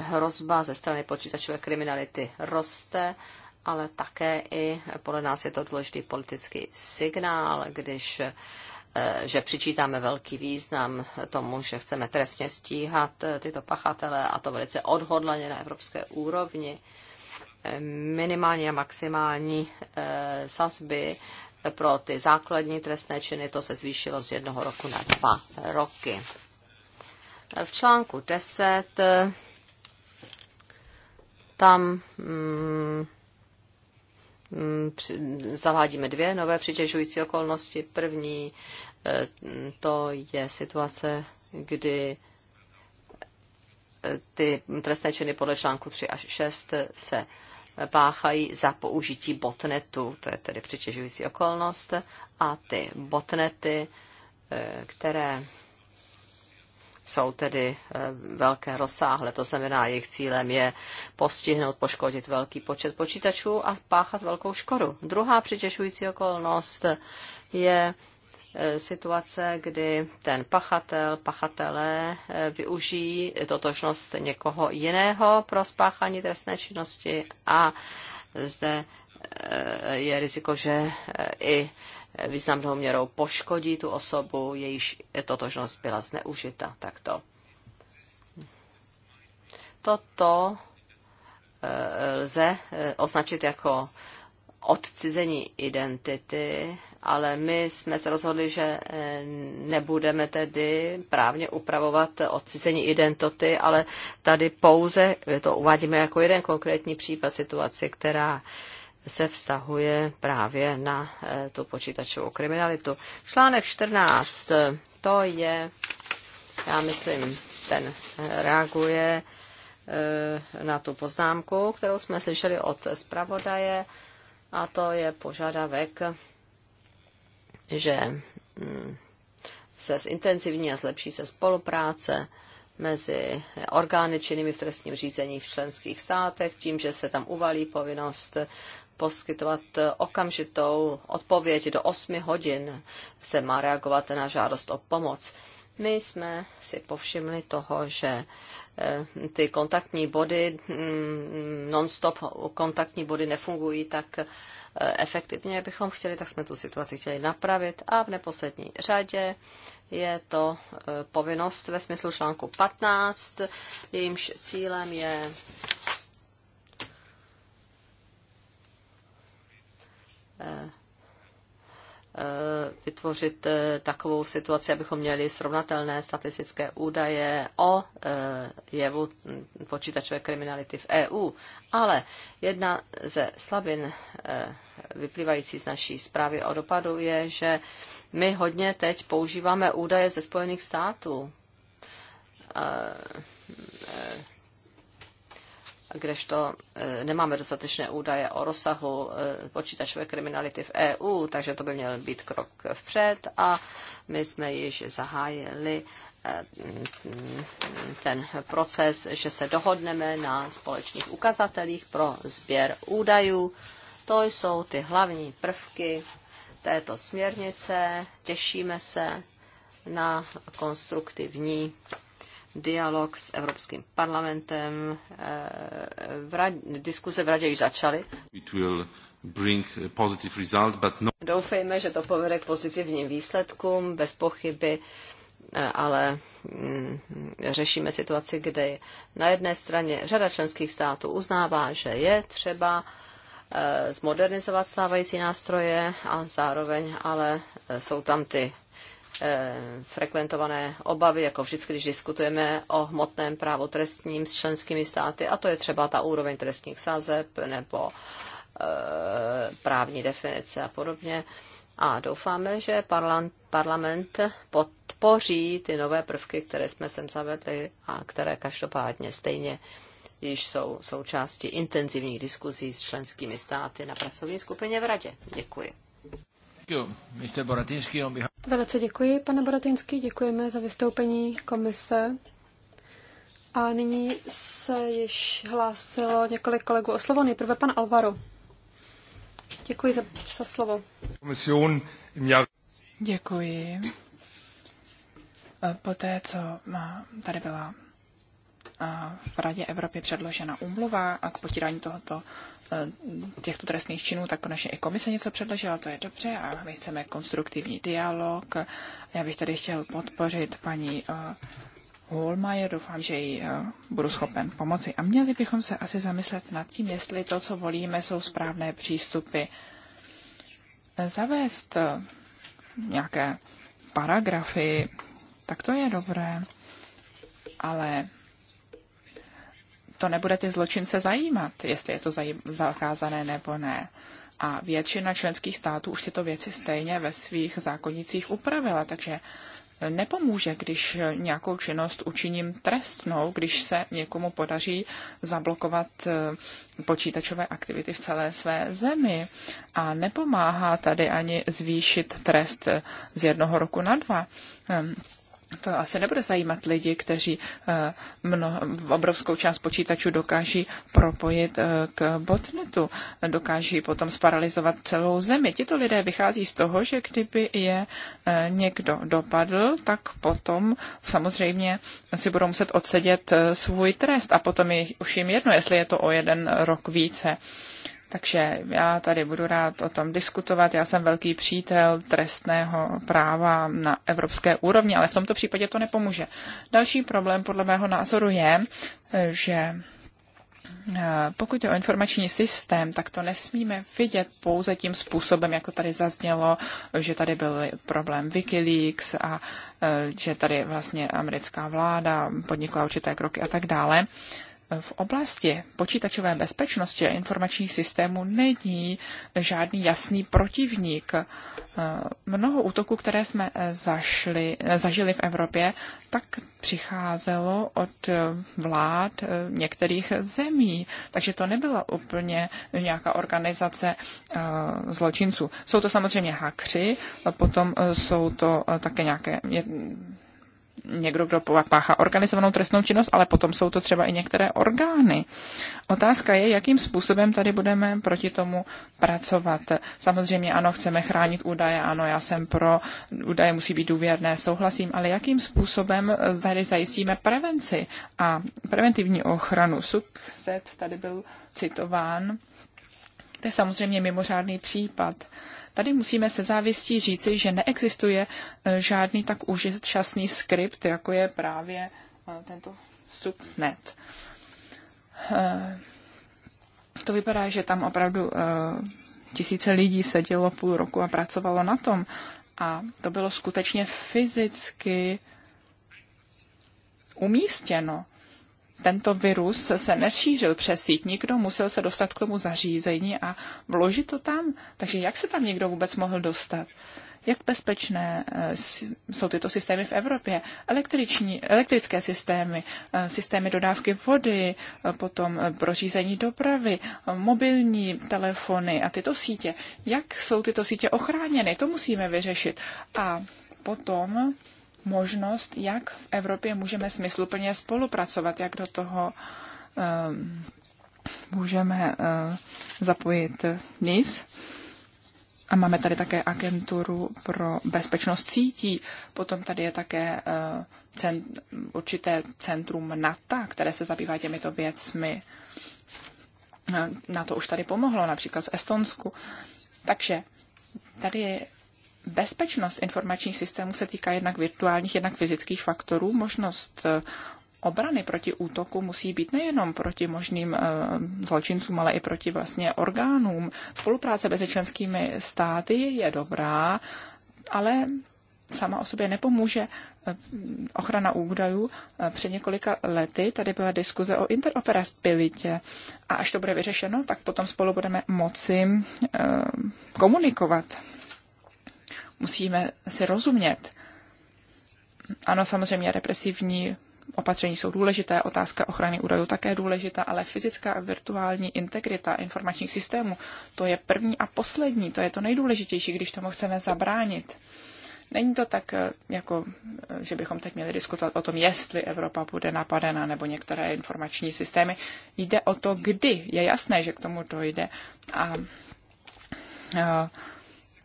hrozba ze strany počítačové kriminality roste ale také i podle nás je to důležitý politický signál, když eh, že přičítáme velký význam tomu, že chceme trestně stíhat eh, tyto pachatele a to velice odhodlaně na evropské úrovni. Minimální a maximální eh, sazby pro ty základní trestné činy to se zvýšilo z jednoho roku na dva roky. V článku 10 tam mm, Mm, zavádíme dvě nové přitěžující okolnosti. První eh, to je situace, kdy eh, ty trestné činy podle článku 3 až 6 se páchají za použití botnetu, to je tedy přitěžující okolnost, a ty botnety, eh, které jsou tedy eh, velké rozsáhle. To znamená, jejich cílem je postihnout, poškodit velký počet počítačů a páchat velkou škodu. Druhá přitěžující okolnost je eh, situace, kdy ten pachatel, pachatelé eh, využijí totožnost někoho jiného pro spáchání trestné činnosti a zde je riziko, že i významnou měrou poškodí tu osobu, jejíž totožnost byla zneužita takto. Toto eh, lze eh, označit jako odcizení identity, ale my jsme se rozhodli, že eh, nebudeme tedy právně upravovat odcizení identity, ale tady pouze to uvádíme jako jeden konkrétní případ situaci, která se vztahuje právě na eh, tu počítačovou kriminalitu. Článek 14, to je, já myslím, ten eh, reaguje eh, na tu poznámku, kterou jsme slyšeli od zpravodaje, a to je požadavek, že mm, se zintenzivní a zlepší se spolupráce mezi orgány činnými v trestním řízení v členských státech, tím, že se tam uvalí povinnost poskytovat eh, okamžitou odpověď. Do 8 hodin se má reagovat na žádost o pomoc. My jsme si povšimli toho, že eh, ty kontaktní body, mm, non-stop kontaktní body nefungují tak eh, efektivně, jak bychom chtěli, tak jsme tu situaci chtěli napravit. A v neposlední řadě je to povinnost ve smyslu článku 15, jejímž cílem je Eh, eh, vytvořit eh, takovou situaci, abychom měli srovnatelné statistické údaje o jevu počítačové kriminality v EU. Ale jedna ze slabin vyplývající z naší zprávy o dopadu je, že my hodně teď používáme údaje ze Spojených států kdežto e, nemáme dostatečné údaje o rozsahu e, počítačové kriminality v EU, takže to by měl být krok vpřed a my jsme již zahájili e, ten proces, že se dohodneme na společných ukazatelích pro sběr údajů. To jsou ty hlavní prvky této směrnice. Těšíme se na konstruktivní dialog s Evropským parlamentem. Eh, v rad, diskuse v radě již začaly. Result, no... Doufejme, že to povede k pozitivním výsledkům, bez pochyby eh, ale mm, řešíme situaci, kde na jedné straně řada členských států uznává, že je třeba eh, zmodernizovat stávající nástroje a zároveň ale jsou tam ty Eh, frekventované obavy, jako vždycky, když diskutujeme o hmotném právu trestním s členskými státy, a to je třeba ta úroveň trestních sazeb nebo eh, právní definice a podobně. A doufáme, že parlament podpoří ty nové prvky, které jsme sem zavedli a které každopádně stejně již jsou součástí intenzivních diskuzí s členskými státy na pracovní skupině v Radě. Děkuji. Velice děkuji, pane Boratinsky, děkujeme za vystoupení komise. A nyní se již hlásilo několik kolegů o slovo. Nejprve pan Alvaro. Děkuji za, za slovo. Děkuji. Poté, co tady byla v Radě Evropy předložena úmluva a k potírání tohoto Eh, těchto trestných činů, tak konečně i komise něco předložila, to je dobře a my chceme konstruktivní dialog. Já bych tady chtěl podpořit paní eh, Holmajer, doufám, že jí eh, budu schopen pomoci. A měli bychom se asi zamyslet nad tím, jestli to, co volíme, jsou správné přístupy. Zavést nějaké paragrafy, tak to je dobré, ale to nebude ty zločince zajímat, jestli je to zakázané nebo ne. A většina členských států už tyto věci stejně ve svých zákonnicích upravila, takže nepomůže, když nějakou činnost učiním trestnou, když se někomu podaří zablokovat eh, počítačové aktivity v celé své zemi. A nepomáhá tady ani zvýšit trest eh, z jednoho roku na dva. Ehm, to asi nebude zajímat lidi, kteří eh, mno, obrovskou část počítačů dokáží propojit eh, k botnetu, dokáží potom sparalizovat celou zemi. Tito lidé vychází z toho, že kdyby je eh, někdo dopadl, tak potom samozřejmě si budou muset odsedět svůj trest a potom je, už jim jedno, jestli je to o jeden rok více. Takže já tady budu rád o tom diskutovat. Já jsem velký přítel trestného práva na evropské úrovni, ale v tomto případě to nepomůže. Další problém podle mého názoru je, že eh, pokud je o informační systém, tak to nesmíme vidět pouze tím způsobem, jako tady zaznělo, že tady byl problém Wikileaks a eh, že tady vlastně americká vláda podnikla určité kroky a tak dále. V oblasti počítačové bezpečnosti a informačních systémů není žádný jasný protivník. Eh, mnoho útoků, které jsme eh, zašli, eh, zažili v Evropě, tak přicházelo od vlád některých zemí. Takže to nebyla úplně nějaká organizace zločinců. Jsou to samozřejmě hakři, potom jsou to také nějaké někdo, kdo páchá organizovanou trestnou činnost, ale potom jsou to třeba i některé orgány. Otázka je, jakým způsobem tady budeme proti tomu pracovat. Samozřejmě ano, chceme chránit údaje, ano, já jsem pro, údaje musí být důvěrné, souhlasím, ale jakým způsobem tady zajistíme prevenci a preventivní ochranu. Sudset tady byl citován. To je samozřejmě mimořádný případ. Tady musíme se závistí říci, že neexistuje eh, žádný tak úžasný skript, jako je právě eh, tento net. Eh, to vypadá, že tam opravdu tisíce lidí sedělo půl roku a pracovalo na tom. A to bylo skutečně fyzicky umístěno tento virus se nešířil přes síť, nikdo musel se dostat k tomu zařízení a vložit to tam. Takže jak se tam někdo vůbec mohl dostat? Jak bezpečné eh, jsou tyto systémy v Evropě? Električní, elektrické systémy, eh, systémy dodávky vody, eh, potom prořízení dopravy, mobilní telefony a tyto sítě. Jak jsou tyto sítě ochráněny? To musíme vyřešit. A potom možnost, jak v Evropě můžeme smysluplně spolupracovat, jak do toho um, můžeme uh, zapojit NIS. A máme tady také agenturu pro bezpečnost sítí. Potom tady je také uh, eh, cent, určité centrum NATA, které se zabývá těmito věcmi. Na, eh, na to už tady pomohlo, například v Estonsku. Takže tady Bezpečnost informačních systémů se týká jednak virtuálních, jednak fyzických faktorů. Možnost eh, obrany proti útoku musí být nejenom proti možným eh, zločincům, ale i proti vlastně orgánům. Spolupráce mezi členskými státy je dobrá, ale sama o sobě nepomůže eh, ochrana údajů. Před několika lety tady byla diskuze o interoperabilitě a až to bude vyřešeno, tak potom spolu budeme moci komunikovat Musíme si rozumět. Ano, samozřejmě represivní opatření jsou důležité, otázka ochrany údajů také důležitá, ale fyzická a virtuální integrita informačních systémů, to je první a poslední, to je to nejdůležitější, když tomu chceme zabránit. Není to tak, eh, jako, eh, že bychom teď měli diskutovat o tom, jestli Evropa bude napadena nebo některé informační systémy. Jde o to, kdy. Je jasné, že k tomu dojde. A, a eh,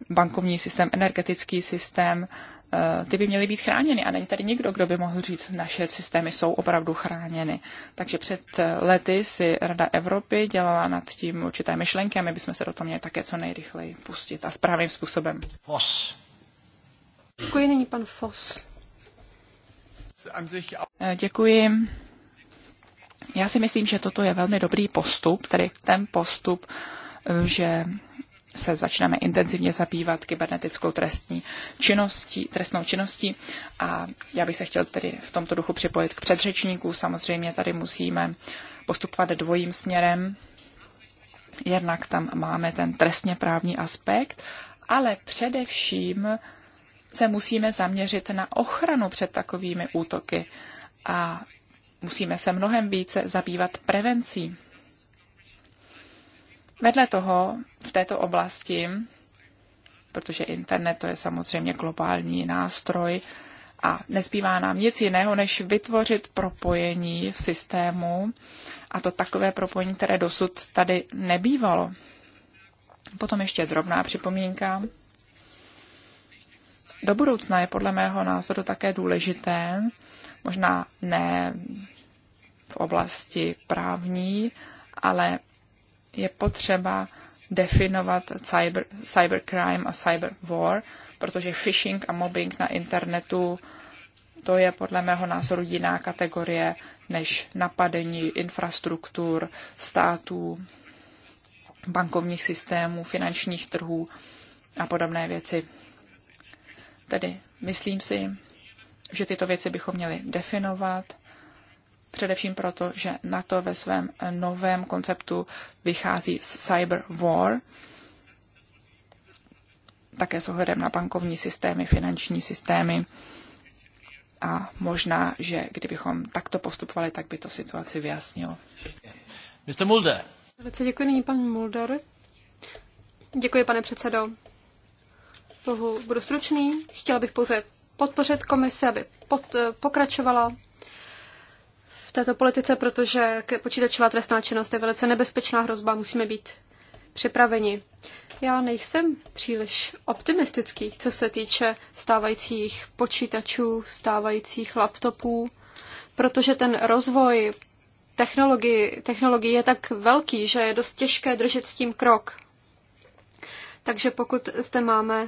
bankovní systém, energetický systém, eh, ty by měly být chráněny. A není tady nikdo, kdo by mohl říct, naše systémy jsou opravdu chráněny. Takže před eh, lety si Rada Evropy dělala nad tím určité myšlenky a my bychom se do toho měli také co nejrychleji pustit a správným způsobem. Fos. Děkuji, není pan Fos. Eh, děkuji. Já si myslím, že toto je velmi dobrý postup, tedy ten postup, že se začneme intenzivně zabývat kybernetickou trestní činností, trestnou činností a já bych se chtěl tedy v tomto duchu připojit k předřečníků. Samozřejmě tady musíme postupovat dvojím směrem. Jednak tam máme ten trestně právní aspekt, ale především se musíme zaměřit na ochranu před takovými útoky a musíme se mnohem více zabývat prevencí. Vedle toho v této oblasti, protože internet to je samozřejmě globální nástroj, a nezbývá nám nic jiného, než vytvořit propojení v systému a to takové propojení, které dosud tady nebývalo. Potom ještě drobná připomínka. Do budoucna je podle mého názoru také důležité, možná ne v oblasti právní, ale je potřeba definovat cyber, cybercrime a cyberwar, protože phishing a mobbing na internetu to je podle mého názoru jiná kategorie než napadení infrastruktur, států, bankovních systémů, finančních trhů a podobné věci. Tedy myslím si, že tyto věci bychom měli definovat Především proto, že NATO ve svém novém konceptu vychází z cyber war, také s ohledem na bankovní systémy, finanční systémy. A možná, že kdybychom takto postupovali, tak by to situaci vyjasnilo. Mr. Mulder. Velice děkuji, nyní pan Mulder. Děkuji, pane předsedo. Bohu, budu stručný. Chtěla bych pouze podpořit komisi, aby pod, eh, pokračovala této politice, protože počítačová trestná činnost je velice nebezpečná hrozba, musíme být připraveni. Já nejsem příliš optimistický, co se týče stávajících počítačů, stávajících laptopů, protože ten rozvoj technologii, technologii je tak velký, že je dost těžké držet s tím krok. Takže pokud zde máme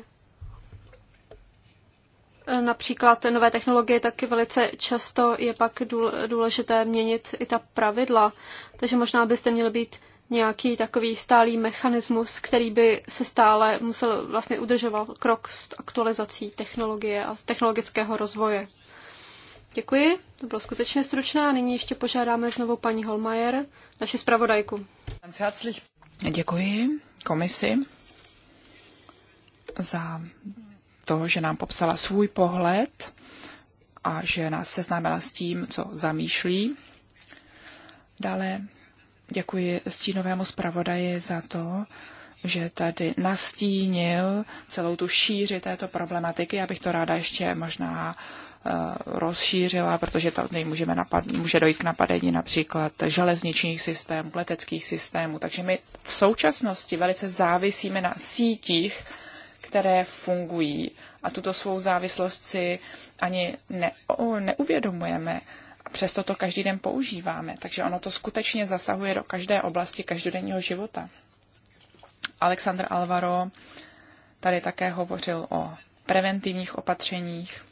například nové technologie, taky velice často je pak důležité měnit i ta pravidla. Takže možná byste měli být nějaký takový stálý mechanismus, který by se stále musel vlastně udržoval krok s aktualizací technologie a technologického rozvoje. Děkuji, to bylo skutečně stručné a nyní ještě požádáme znovu paní Holmajer, naši zpravodajku. Děkuji komisi za to, že nám popsala svůj pohled a že nás seznámila s tím, co zamýšlí. Dále děkuji stínovému zpravodaji za to, že tady nastínil celou tu šíři této problematiky. Já bych to ráda ještě možná eh, rozšířila, protože tady můžeme napad, může dojít k napadení například železničních systémů, leteckých systémů. Takže my v současnosti velice závisíme na sítích které fungují. A tuto svou závislost si ani ne, o, neuvědomujeme. A přesto to každý den používáme. Takže ono to skutečně zasahuje do každé oblasti každodenního života. Alexandr Alvaro tady také hovořil o preventivních opatřeních.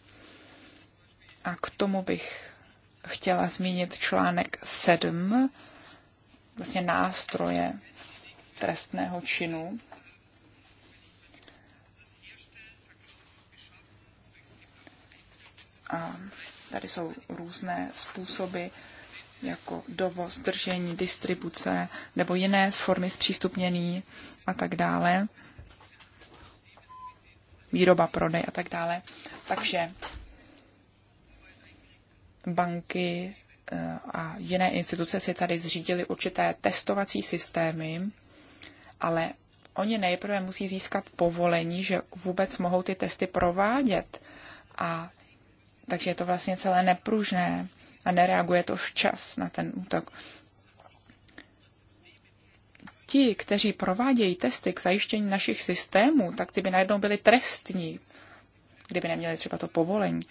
A k tomu bych chtěla zmínit článek 7, vlastně nástroje trestného činu. A tady jsou různé způsoby, jako dovoz, držení, distribuce nebo jiné formy zpřístupnění a tak dále. Výroba, prodej a tak dále. Takže banky eh, a jiné instituce si tady zřídily určité testovací systémy, ale oni nejprve musí získat povolení, že vůbec mohou ty testy provádět. A takže je to vlastně celé nepružné a nereaguje to včas na ten útok. Ti, kteří provádějí testy k zajištění našich systémů, tak ty by najednou byli trestní, kdyby neměli třeba to povolení.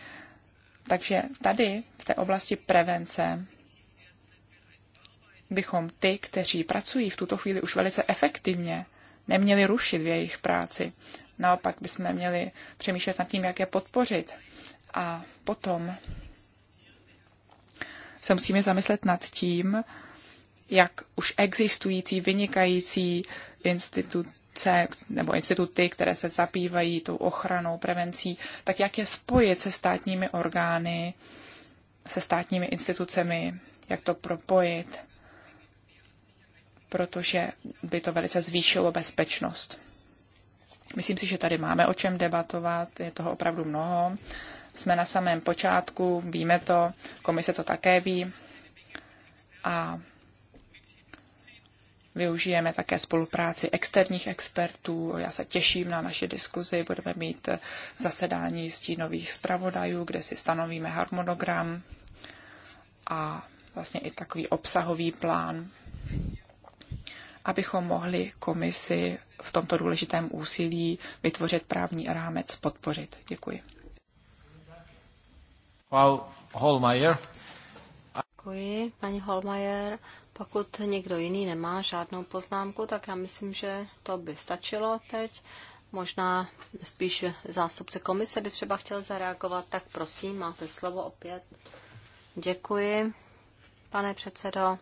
Takže tady, v té oblasti prevence, bychom ty, kteří pracují v tuto chvíli už velice efektivně, neměli rušit v jejich práci. Naopak bychom měli přemýšlet nad tím, jak je podpořit. A potom se musíme zamyslet nad tím, jak už existující vynikající instituce nebo instituty, které se zabývají tou ochranou, prevencí, tak jak je spojit se státními orgány, se státními institucemi, jak to propojit, protože by to velice zvýšilo bezpečnost. Myslím si, že tady máme o čem debatovat, je toho opravdu mnoho jsme na samém počátku, víme to, komise to také ví a využijeme také spolupráci externích expertů. Já se těším na naše diskuzi, budeme mít zasedání stínových zpravodajů, kde si stanovíme harmonogram a vlastně i takový obsahový plán, abychom mohli komisi v tomto důležitém úsilí vytvořit právní rámec podpořit. Děkuji. Frau Holmeier. Děkuji, paní Holmajer. Pokud někdo jiný nemá žádnou poznámku, tak já myslím, že to by stačilo teď. Možná spíš zástupce komise by třeba chtěl zareagovat, tak prosím, máte slovo opět. Děkuji, pane předsedo.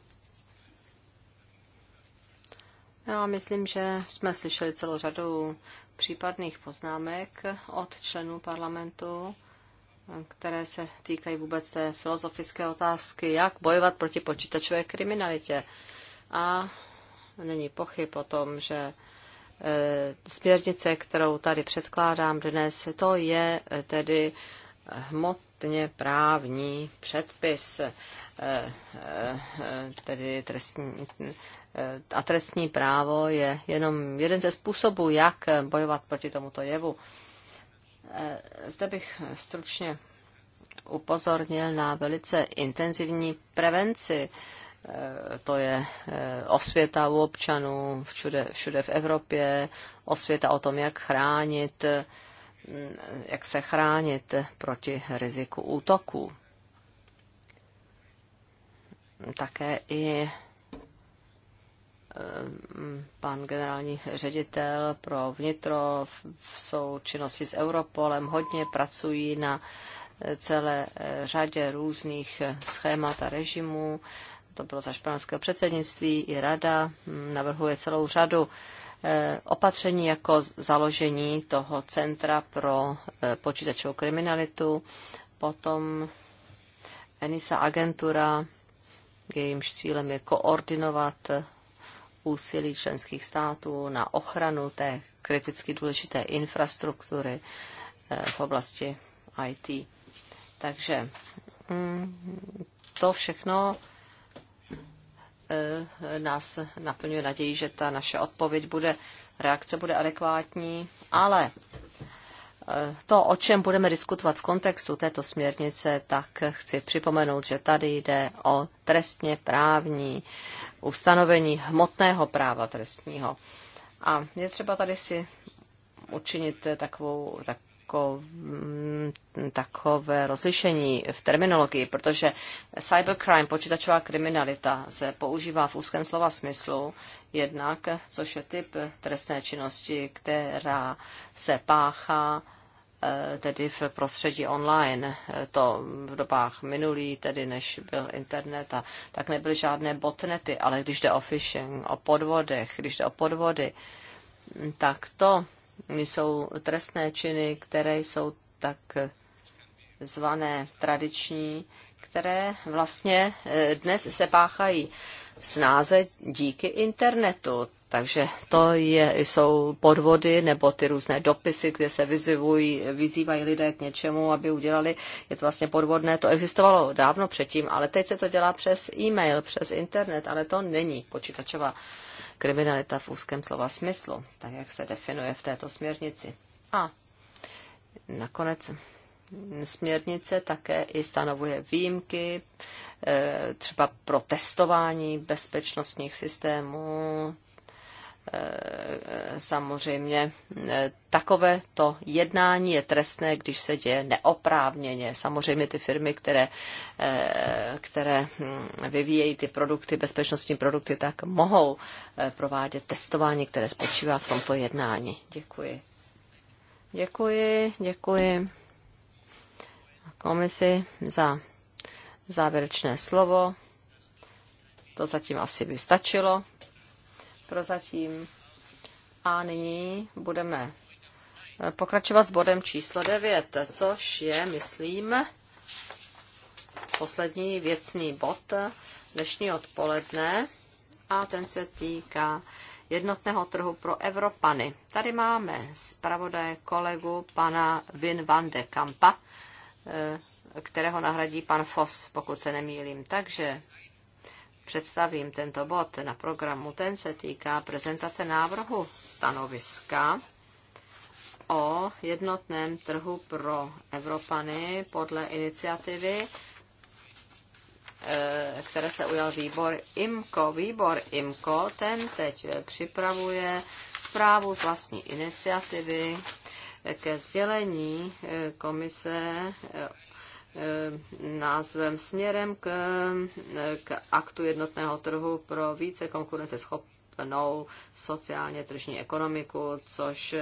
Já myslím, že jsme slyšeli celou řadu případných poznámek od členů parlamentu které se týkají vůbec té filozofické otázky, jak bojovat proti počítačové kriminalitě. A není pochyb o tom, že eh, směrnice, kterou tady předkládám dnes, to je eh, tedy hmotně právní předpis, eh, tedy trestní, a trestní právo je jenom jeden ze způsobů, jak bojovat proti tomuto jevu. Eh, zde bych stručně upozornil na velice intenzivní prevenci. Eh, to je eh, osvěta u občanů všude, všude v Evropě, osvěta o tom, jak chránit, mm, jak se chránit proti riziku útoků. Také i Eh, pan generální ředitel pro vnitro v součinnosti s Europolem hodně pracují na eh, celé eh, řadě různých schémat a režimů. To bylo za španělského předsednictví i rada hm, navrhuje celou řadu opatření jako založení toho centra pro počítačovou kriminalitu, potom ENISA agentura, jejímž cílem je koordinovat úsilí členských států na ochranu té kriticky důležité infrastruktury eh, v oblasti IT. Takže mm, to všechno eh, nás naplňuje naději, že ta naše odpověď bude, reakce bude adekvátní, ale to, o čem budeme diskutovat v kontextu této směrnice, tak chci připomenout, že tady jde o trestně právní ustanovení hmotného práva trestního. A je třeba tady si učinit takovou, tak, mm, takové rozlišení v terminologii, protože cybercrime, počítačová kriminalita, se používá v úzkém slova smyslu jednak, což je typ trestné činnosti, která se páchá Eh, tedy v prostředí online, eh, to v dobách minulý, tedy než byl internet, a tak nebyly žádné botnety, ale když jde o phishing, o podvodech, když jde o podvody, tak to jsou trestné činy, které jsou tak zvané tradiční, které vlastně eh, dnes se páchají snáze díky internetu. Takže to je, jsou podvody nebo ty různé dopisy, kde se vyzivují, vyzývají lidé k něčemu, aby udělali. Je to vlastně podvodné. To existovalo dávno předtím, ale teď se to dělá přes e-mail, přes internet, ale to není počítačová kriminalita v úzkém slova smyslu, tak jak se definuje v této směrnici. A nakonec směrnice také i stanovuje výjimky, eh, třeba pro testování bezpečnostních systémů, Eh, samozřejmě eh, takové to jednání je trestné, když se děje neoprávněně. Samozřejmě ty firmy, které, eh, které hm, vyvíjejí ty produkty, bezpečnostní produkty, tak mohou provádět testování, které spočívá v tomto jednání. Děkuji. Děkuji, děkuji komisi za závěrečné slovo. To zatím asi by stačilo prozatím. A nyní budeme eh, pokračovat s bodem číslo 9, což je, myslím, poslední věcný bod dnešní odpoledne a ten se týká jednotného trhu pro Evropany. Tady máme zpravodaje kolegu pana Vin van de Kampa, eh, kterého nahradí pan Foss, pokud se nemýlím. Takže představím tento bod na programu. Ten se týká prezentace návrhu stanoviska o jednotném trhu pro Evropany podle iniciativy, eh, které se ujal výbor IMCO. Výbor IMCO ten teď připravuje zprávu z vlastní iniciativy ke sdělení eh, komise eh, Eh, názvem směrem k, eh, k aktu jednotného trhu pro více konkurenceschopnou sociálně tržní ekonomiku, což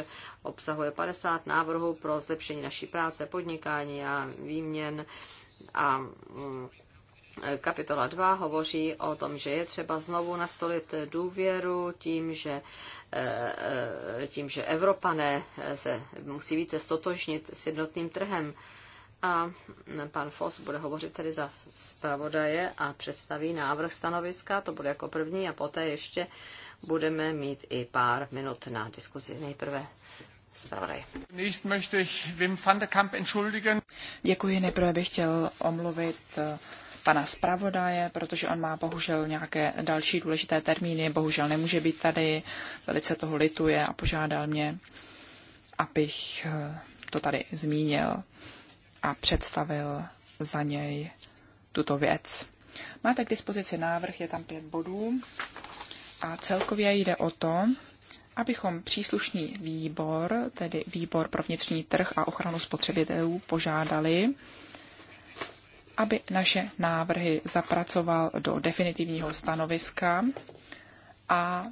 obsahuje 50 návrhů pro zlepšení naší práce, podnikání a výměn. A mm, kapitola 2 hovoří o tom, že je třeba znovu nastolit důvěru tím, že eh, tím, že Evropané se musí více stotožnit s jednotným trhem a pan Fos bude hovořit tedy za zpravodaje a představí návrh stanoviska, to bude jako první a poté ještě budeme mít i pár minut na diskuzi. Nejprve zpravodaj. Děkuji, nejprve bych chtěl omluvit eh, pana zpravodaje, protože on má bohužel nějaké další důležité termíny, bohužel nemůže být tady, velice toho lituje a požádal mě, abych eh, to tady zmínil a představil za něj tuto věc. Máte k dispozici návrh, je tam pět bodů a celkově jde o to, abychom příslušný výbor, tedy výbor pro vnitřní trh a ochranu spotřebitelů, požádali, aby naše návrhy zapracoval do definitivního stanoviska a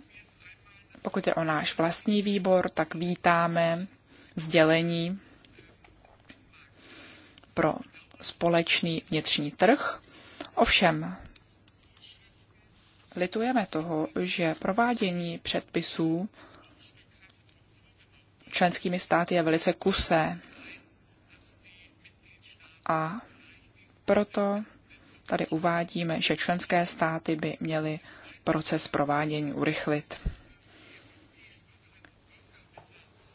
pokud je o náš vlastní výbor, tak vítáme sdělení pro společný vnitřní trh. Ovšem, litujeme toho, že provádění předpisů členskými státy je velice kusé. A proto tady uvádíme, že členské státy by měly proces provádění urychlit.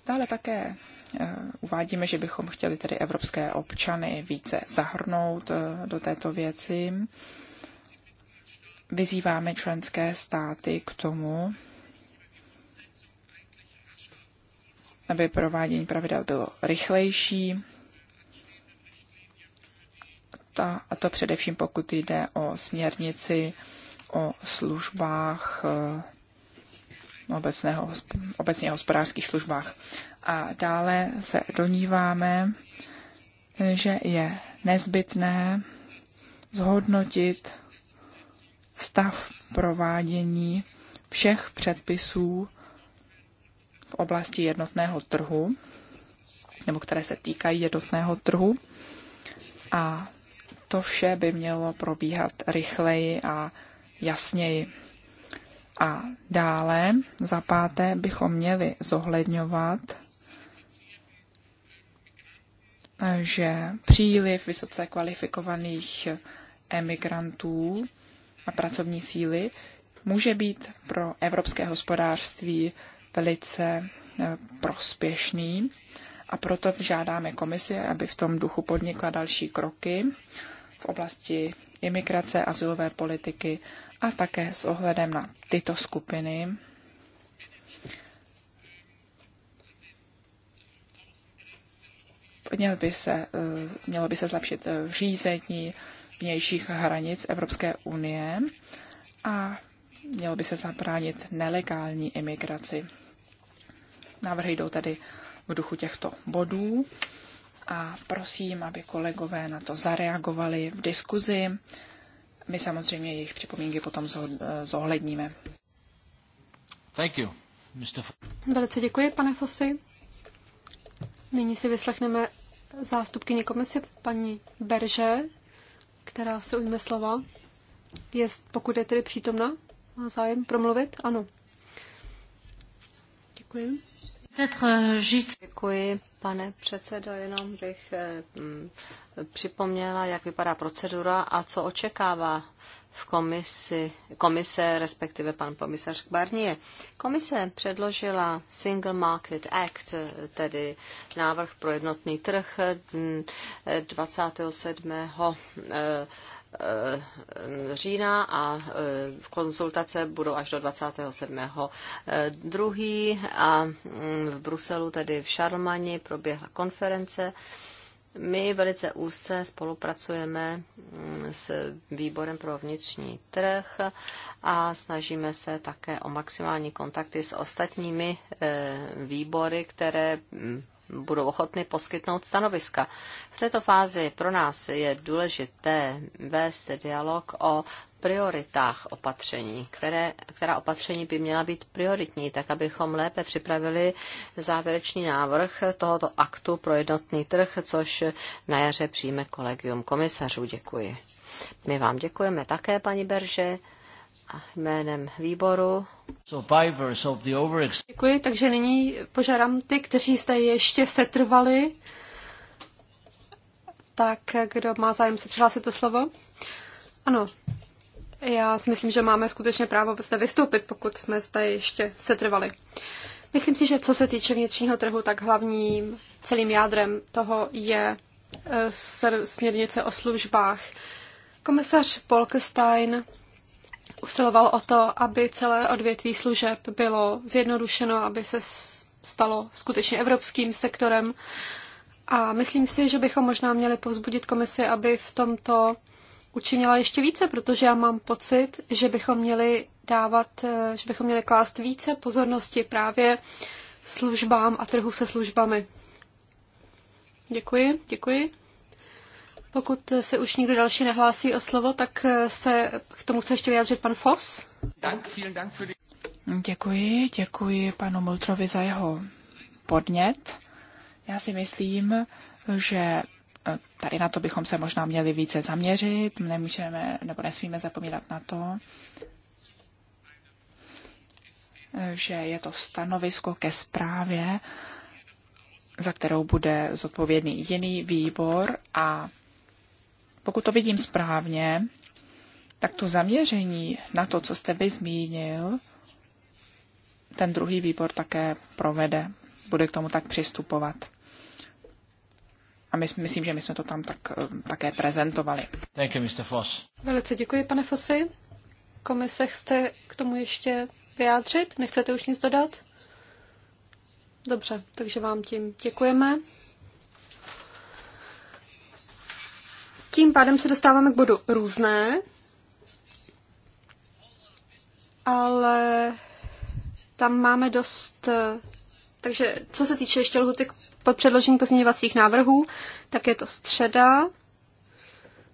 Dále také Eh, uvádíme, že bychom chtěli tedy evropské občany více zahrnout eh, do této věci. Vyzýváme členské státy k tomu, aby provádění pravidel bylo rychlejší, ta, a to především pokud jde o směrnici o službách eh, obecného, obecně hospodářských službách. A dále se doníváme, že je nezbytné zhodnotit stav provádění všech předpisů v oblasti jednotného trhu, nebo které se týkají jednotného trhu. A to vše by mělo probíhat rychleji a jasněji. A dále, za páté, bychom měli zohledňovat, že příliv vysoce kvalifikovaných emigrantů a pracovní síly může být pro evropské hospodářství velice eh, prospěšný a proto žádáme komisi, aby v tom duchu podnikla další kroky v oblasti imigrace, asilové politiky a také s ohledem na tyto skupiny měl by se, eh, mělo by se zlepšit eh, řízení vnějších hranic Evropské unie a mělo by se zabránit nelegální imigraci. Návrhy jdou tedy v duchu těchto bodů a prosím, aby kolegové na to zareagovali v diskuzi my samozřejmě jejich připomínky potom zohledníme. Thank you, Mr. Velice děkuji, pane Fosy. Nyní si vyslechneme zástupkyni komise, paní Berže, která se ujme slova. Je, pokud je tedy přítomna, má zájem promluvit? Ano. Děkuji. Euh, Děkuji, pane předsedo, jenom bych eh, mm, připomněla, jak vypadá procedura a co očekává v komisi, komise, respektive pan komisař Barnier. Komise předložila Single Market Act, eh, tedy návrh pro jednotný trh mm, eh, 27. Eh, října a eh, konzultace budou až do 27. Eh, druhý a mm, v Bruselu, tedy v Šarlmani, proběhla konference. My velice úzce spolupracujeme mm, s výborem pro vnitřní trh a snažíme se také o maximální kontakty s ostatními výbory, které mm, budou ochotny poskytnout stanoviska. V této fázi pro nás je důležité vést dialog o prioritách opatření, které, která opatření by měla být prioritní, tak abychom lépe připravili závěrečný návrh tohoto aktu pro jednotný trh, což na jaře přijme kolegium komisařů. Děkuji. My vám děkujeme také, paní Berže jménem výboru. Děkuji, takže nyní požádám ty, kteří zde ještě setrvali, tak kdo má zájem se přihlásit to slovo? Ano, já si myslím, že máme skutečně právo zde vystoupit, pokud jsme zde ještě setrvali. Myslím si, že co se týče vnitřního trhu, tak hlavním celým jádrem toho je eh, směrnice o službách. Komisař Polkestein usiloval o to, aby celé odvětví služeb bylo zjednodušeno, aby se stalo skutečně evropským sektorem. A myslím si, že bychom možná měli povzbudit komisi, aby v tomto učinila ještě více, protože já mám pocit, že bychom měli dávat, že bychom měli klást více pozornosti právě službám a trhu se službami. Děkuji, děkuji. Pokud se už nikdo další nehlásí o slovo, tak se k tomu chce ještě vyjádřit pan Foss. Děkuji, děkuji panu Multrovi za jeho podnět. Já si myslím, že eh, tady na to bychom se možná měli více zaměřit, nemůžeme nebo nesmíme zapomínat na to, že je to stanovisko ke zprávě, za kterou bude zodpovědný jiný výbor a pokud to vidím správně, tak to zaměření na to, co jste vy zmínil, ten druhý výbor také provede, bude k tomu tak přistupovat. A my, myslím, že my jsme to tam tak, eh, také prezentovali. Thank you, Mr. Foss. Velice děkuji, pane Fosy. Komise, chcete k tomu ještě vyjádřit? Nechcete už nic dodat? Dobře, takže vám tím děkujeme. Tím pádem se dostáváme k bodu různé, ale tam máme dost... Takže co se týče ještě lhuty pod předložení pozměňovacích návrhů, tak je to středa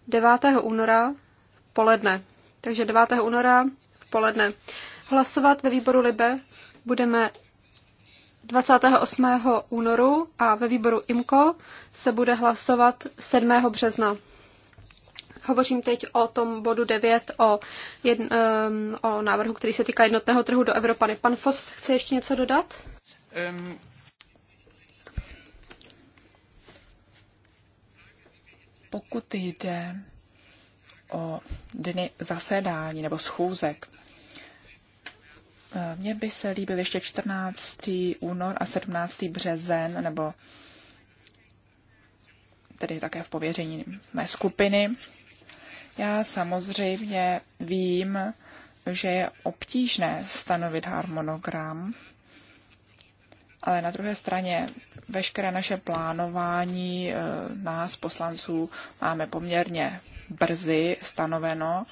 9. února v poledne. Takže 9. února v poledne. Hlasovat ve výboru Libe budeme 28. únoru a ve výboru IMKO se bude hlasovat 7. března. Hovořím teď o tom bodu 9, o, jedn, um, o návrhu, který se týká jednotného trhu do Evropany. Pan Fos chce ještě něco dodat? Um. Pokud jde o dny zasedání nebo schůzek, eh, mně by se líbil ještě 14. únor a 17. březen, nebo tedy také v pověření mé skupiny. Já samozřejmě vím, že je obtížné stanovit harmonogram, ale na druhé straně veškeré naše plánování eh, nás, poslanců, máme poměrně brzy stanoveno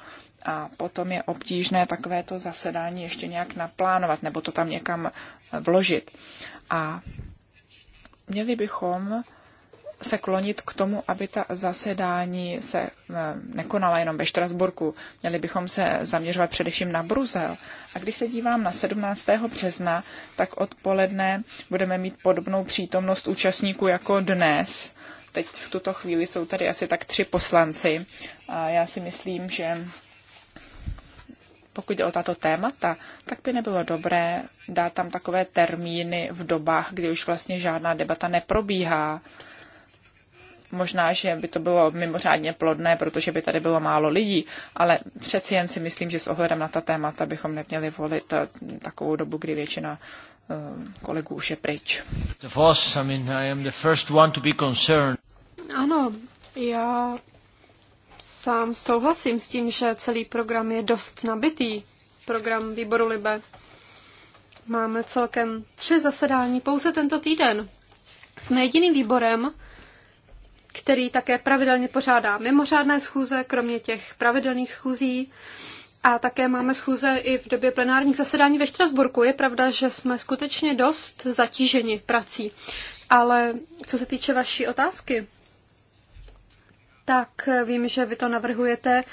a potom je obtížné takovéto zasedání ještě nějak naplánovat nebo to tam někam vložit. A měli bychom se klonit k tomu, aby ta zasedání se eh, nekonala jenom ve Štrasburku. Měli bychom se zaměřovat především na Bruzel. A když se dívám na 17. března, tak odpoledne budeme mít podobnou přítomnost účastníků jako dnes. Teď v tuto chvíli jsou tady asi tak tři poslanci. A já si myslím, že pokud jde o tato témata, tak by nebylo dobré dát tam takové termíny v dobách, kdy už vlastně žádná debata neprobíhá. Možná, že by to bylo mimořádně plodné, protože by tady bylo málo lidí, ale přeci jen si myslím, že s ohledem na ta témata bychom neměli volit eh, takovou dobu, kdy většina eh, kolegů už je pryč. Ano, já sám souhlasím s tím, že celý program je dost nabitý, program výboru Libe. Máme celkem tři zasedání pouze tento týden. Jsme jediným výborem, který také pravidelně pořádá mimořádné schůze, kromě těch pravidelných schůzí. A také máme schůze i v době plenárních zasedání ve Štrasburku. Je pravda, že jsme skutečně dost zatíženi prací. Ale co se týče vaší otázky, tak vím, že vy to navrhujete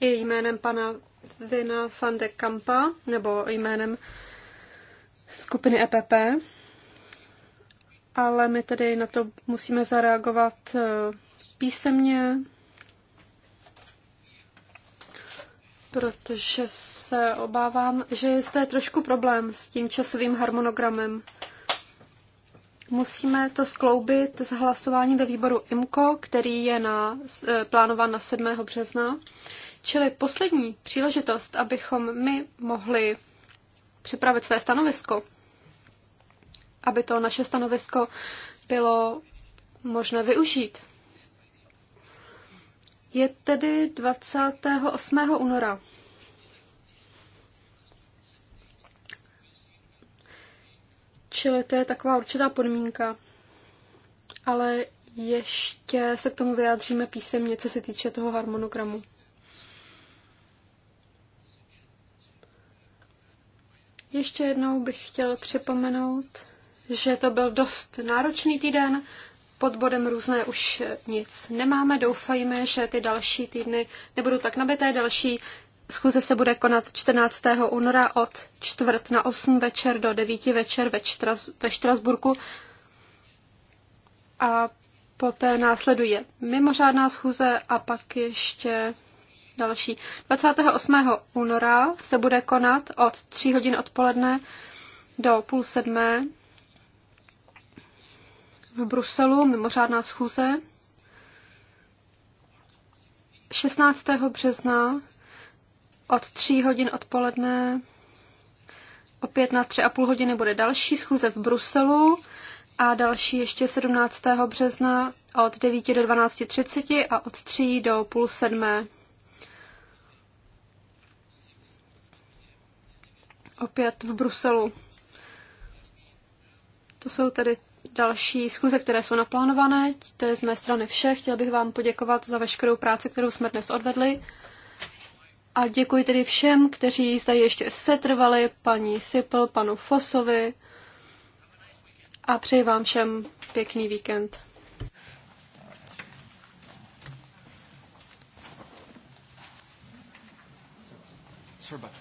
i jménem pana Vina van de Kampa, nebo jménem skupiny EPP ale my tedy na to musíme zareagovat eh, písemně, protože se obávám, že je zde trošku problém s tím časovým harmonogramem. Musíme to skloubit s hlasováním ve výboru IMCO, který je na, eh, plánován na 7. března. Čili poslední příležitost, abychom my mohli připravit své stanovisko, aby to naše stanovisko bylo možné využít. Je tedy 28. února. Čili to je taková určitá podmínka. Ale ještě se k tomu vyjádříme písemně, co se týče toho harmonogramu. Ještě jednou bych chtěl připomenout, že to byl dost náročný týden. Pod bodem různé už nic nemáme. Doufajme, že ty další týdny nebudou tak nabité. Další schůze se bude konat 14. února od čtvrt na 8 večer do 9 večer ve, Štras- ve Štrasburku. A poté následuje mimořádná schůze a pak ještě další. 28. února se bude konat od 3 hodin odpoledne do půl sedmé v Bruselu, mimořádná schůze. 16. března od 3 hodin odpoledne opět na 3,5 hodiny bude další schůze v Bruselu a další ještě 17. března od 9 do 12.30 a od 3 do půl sedmé. Opět v Bruselu. To jsou tedy další schůze, které jsou naplánované. To je z mé strany vše. Chtěl bych vám poděkovat za veškerou práci, kterou jsme dnes odvedli. A děkuji tedy všem, kteří zde ještě setrvali, paní Sipl, panu Fosovi a přeji vám všem pěkný víkend. Sure,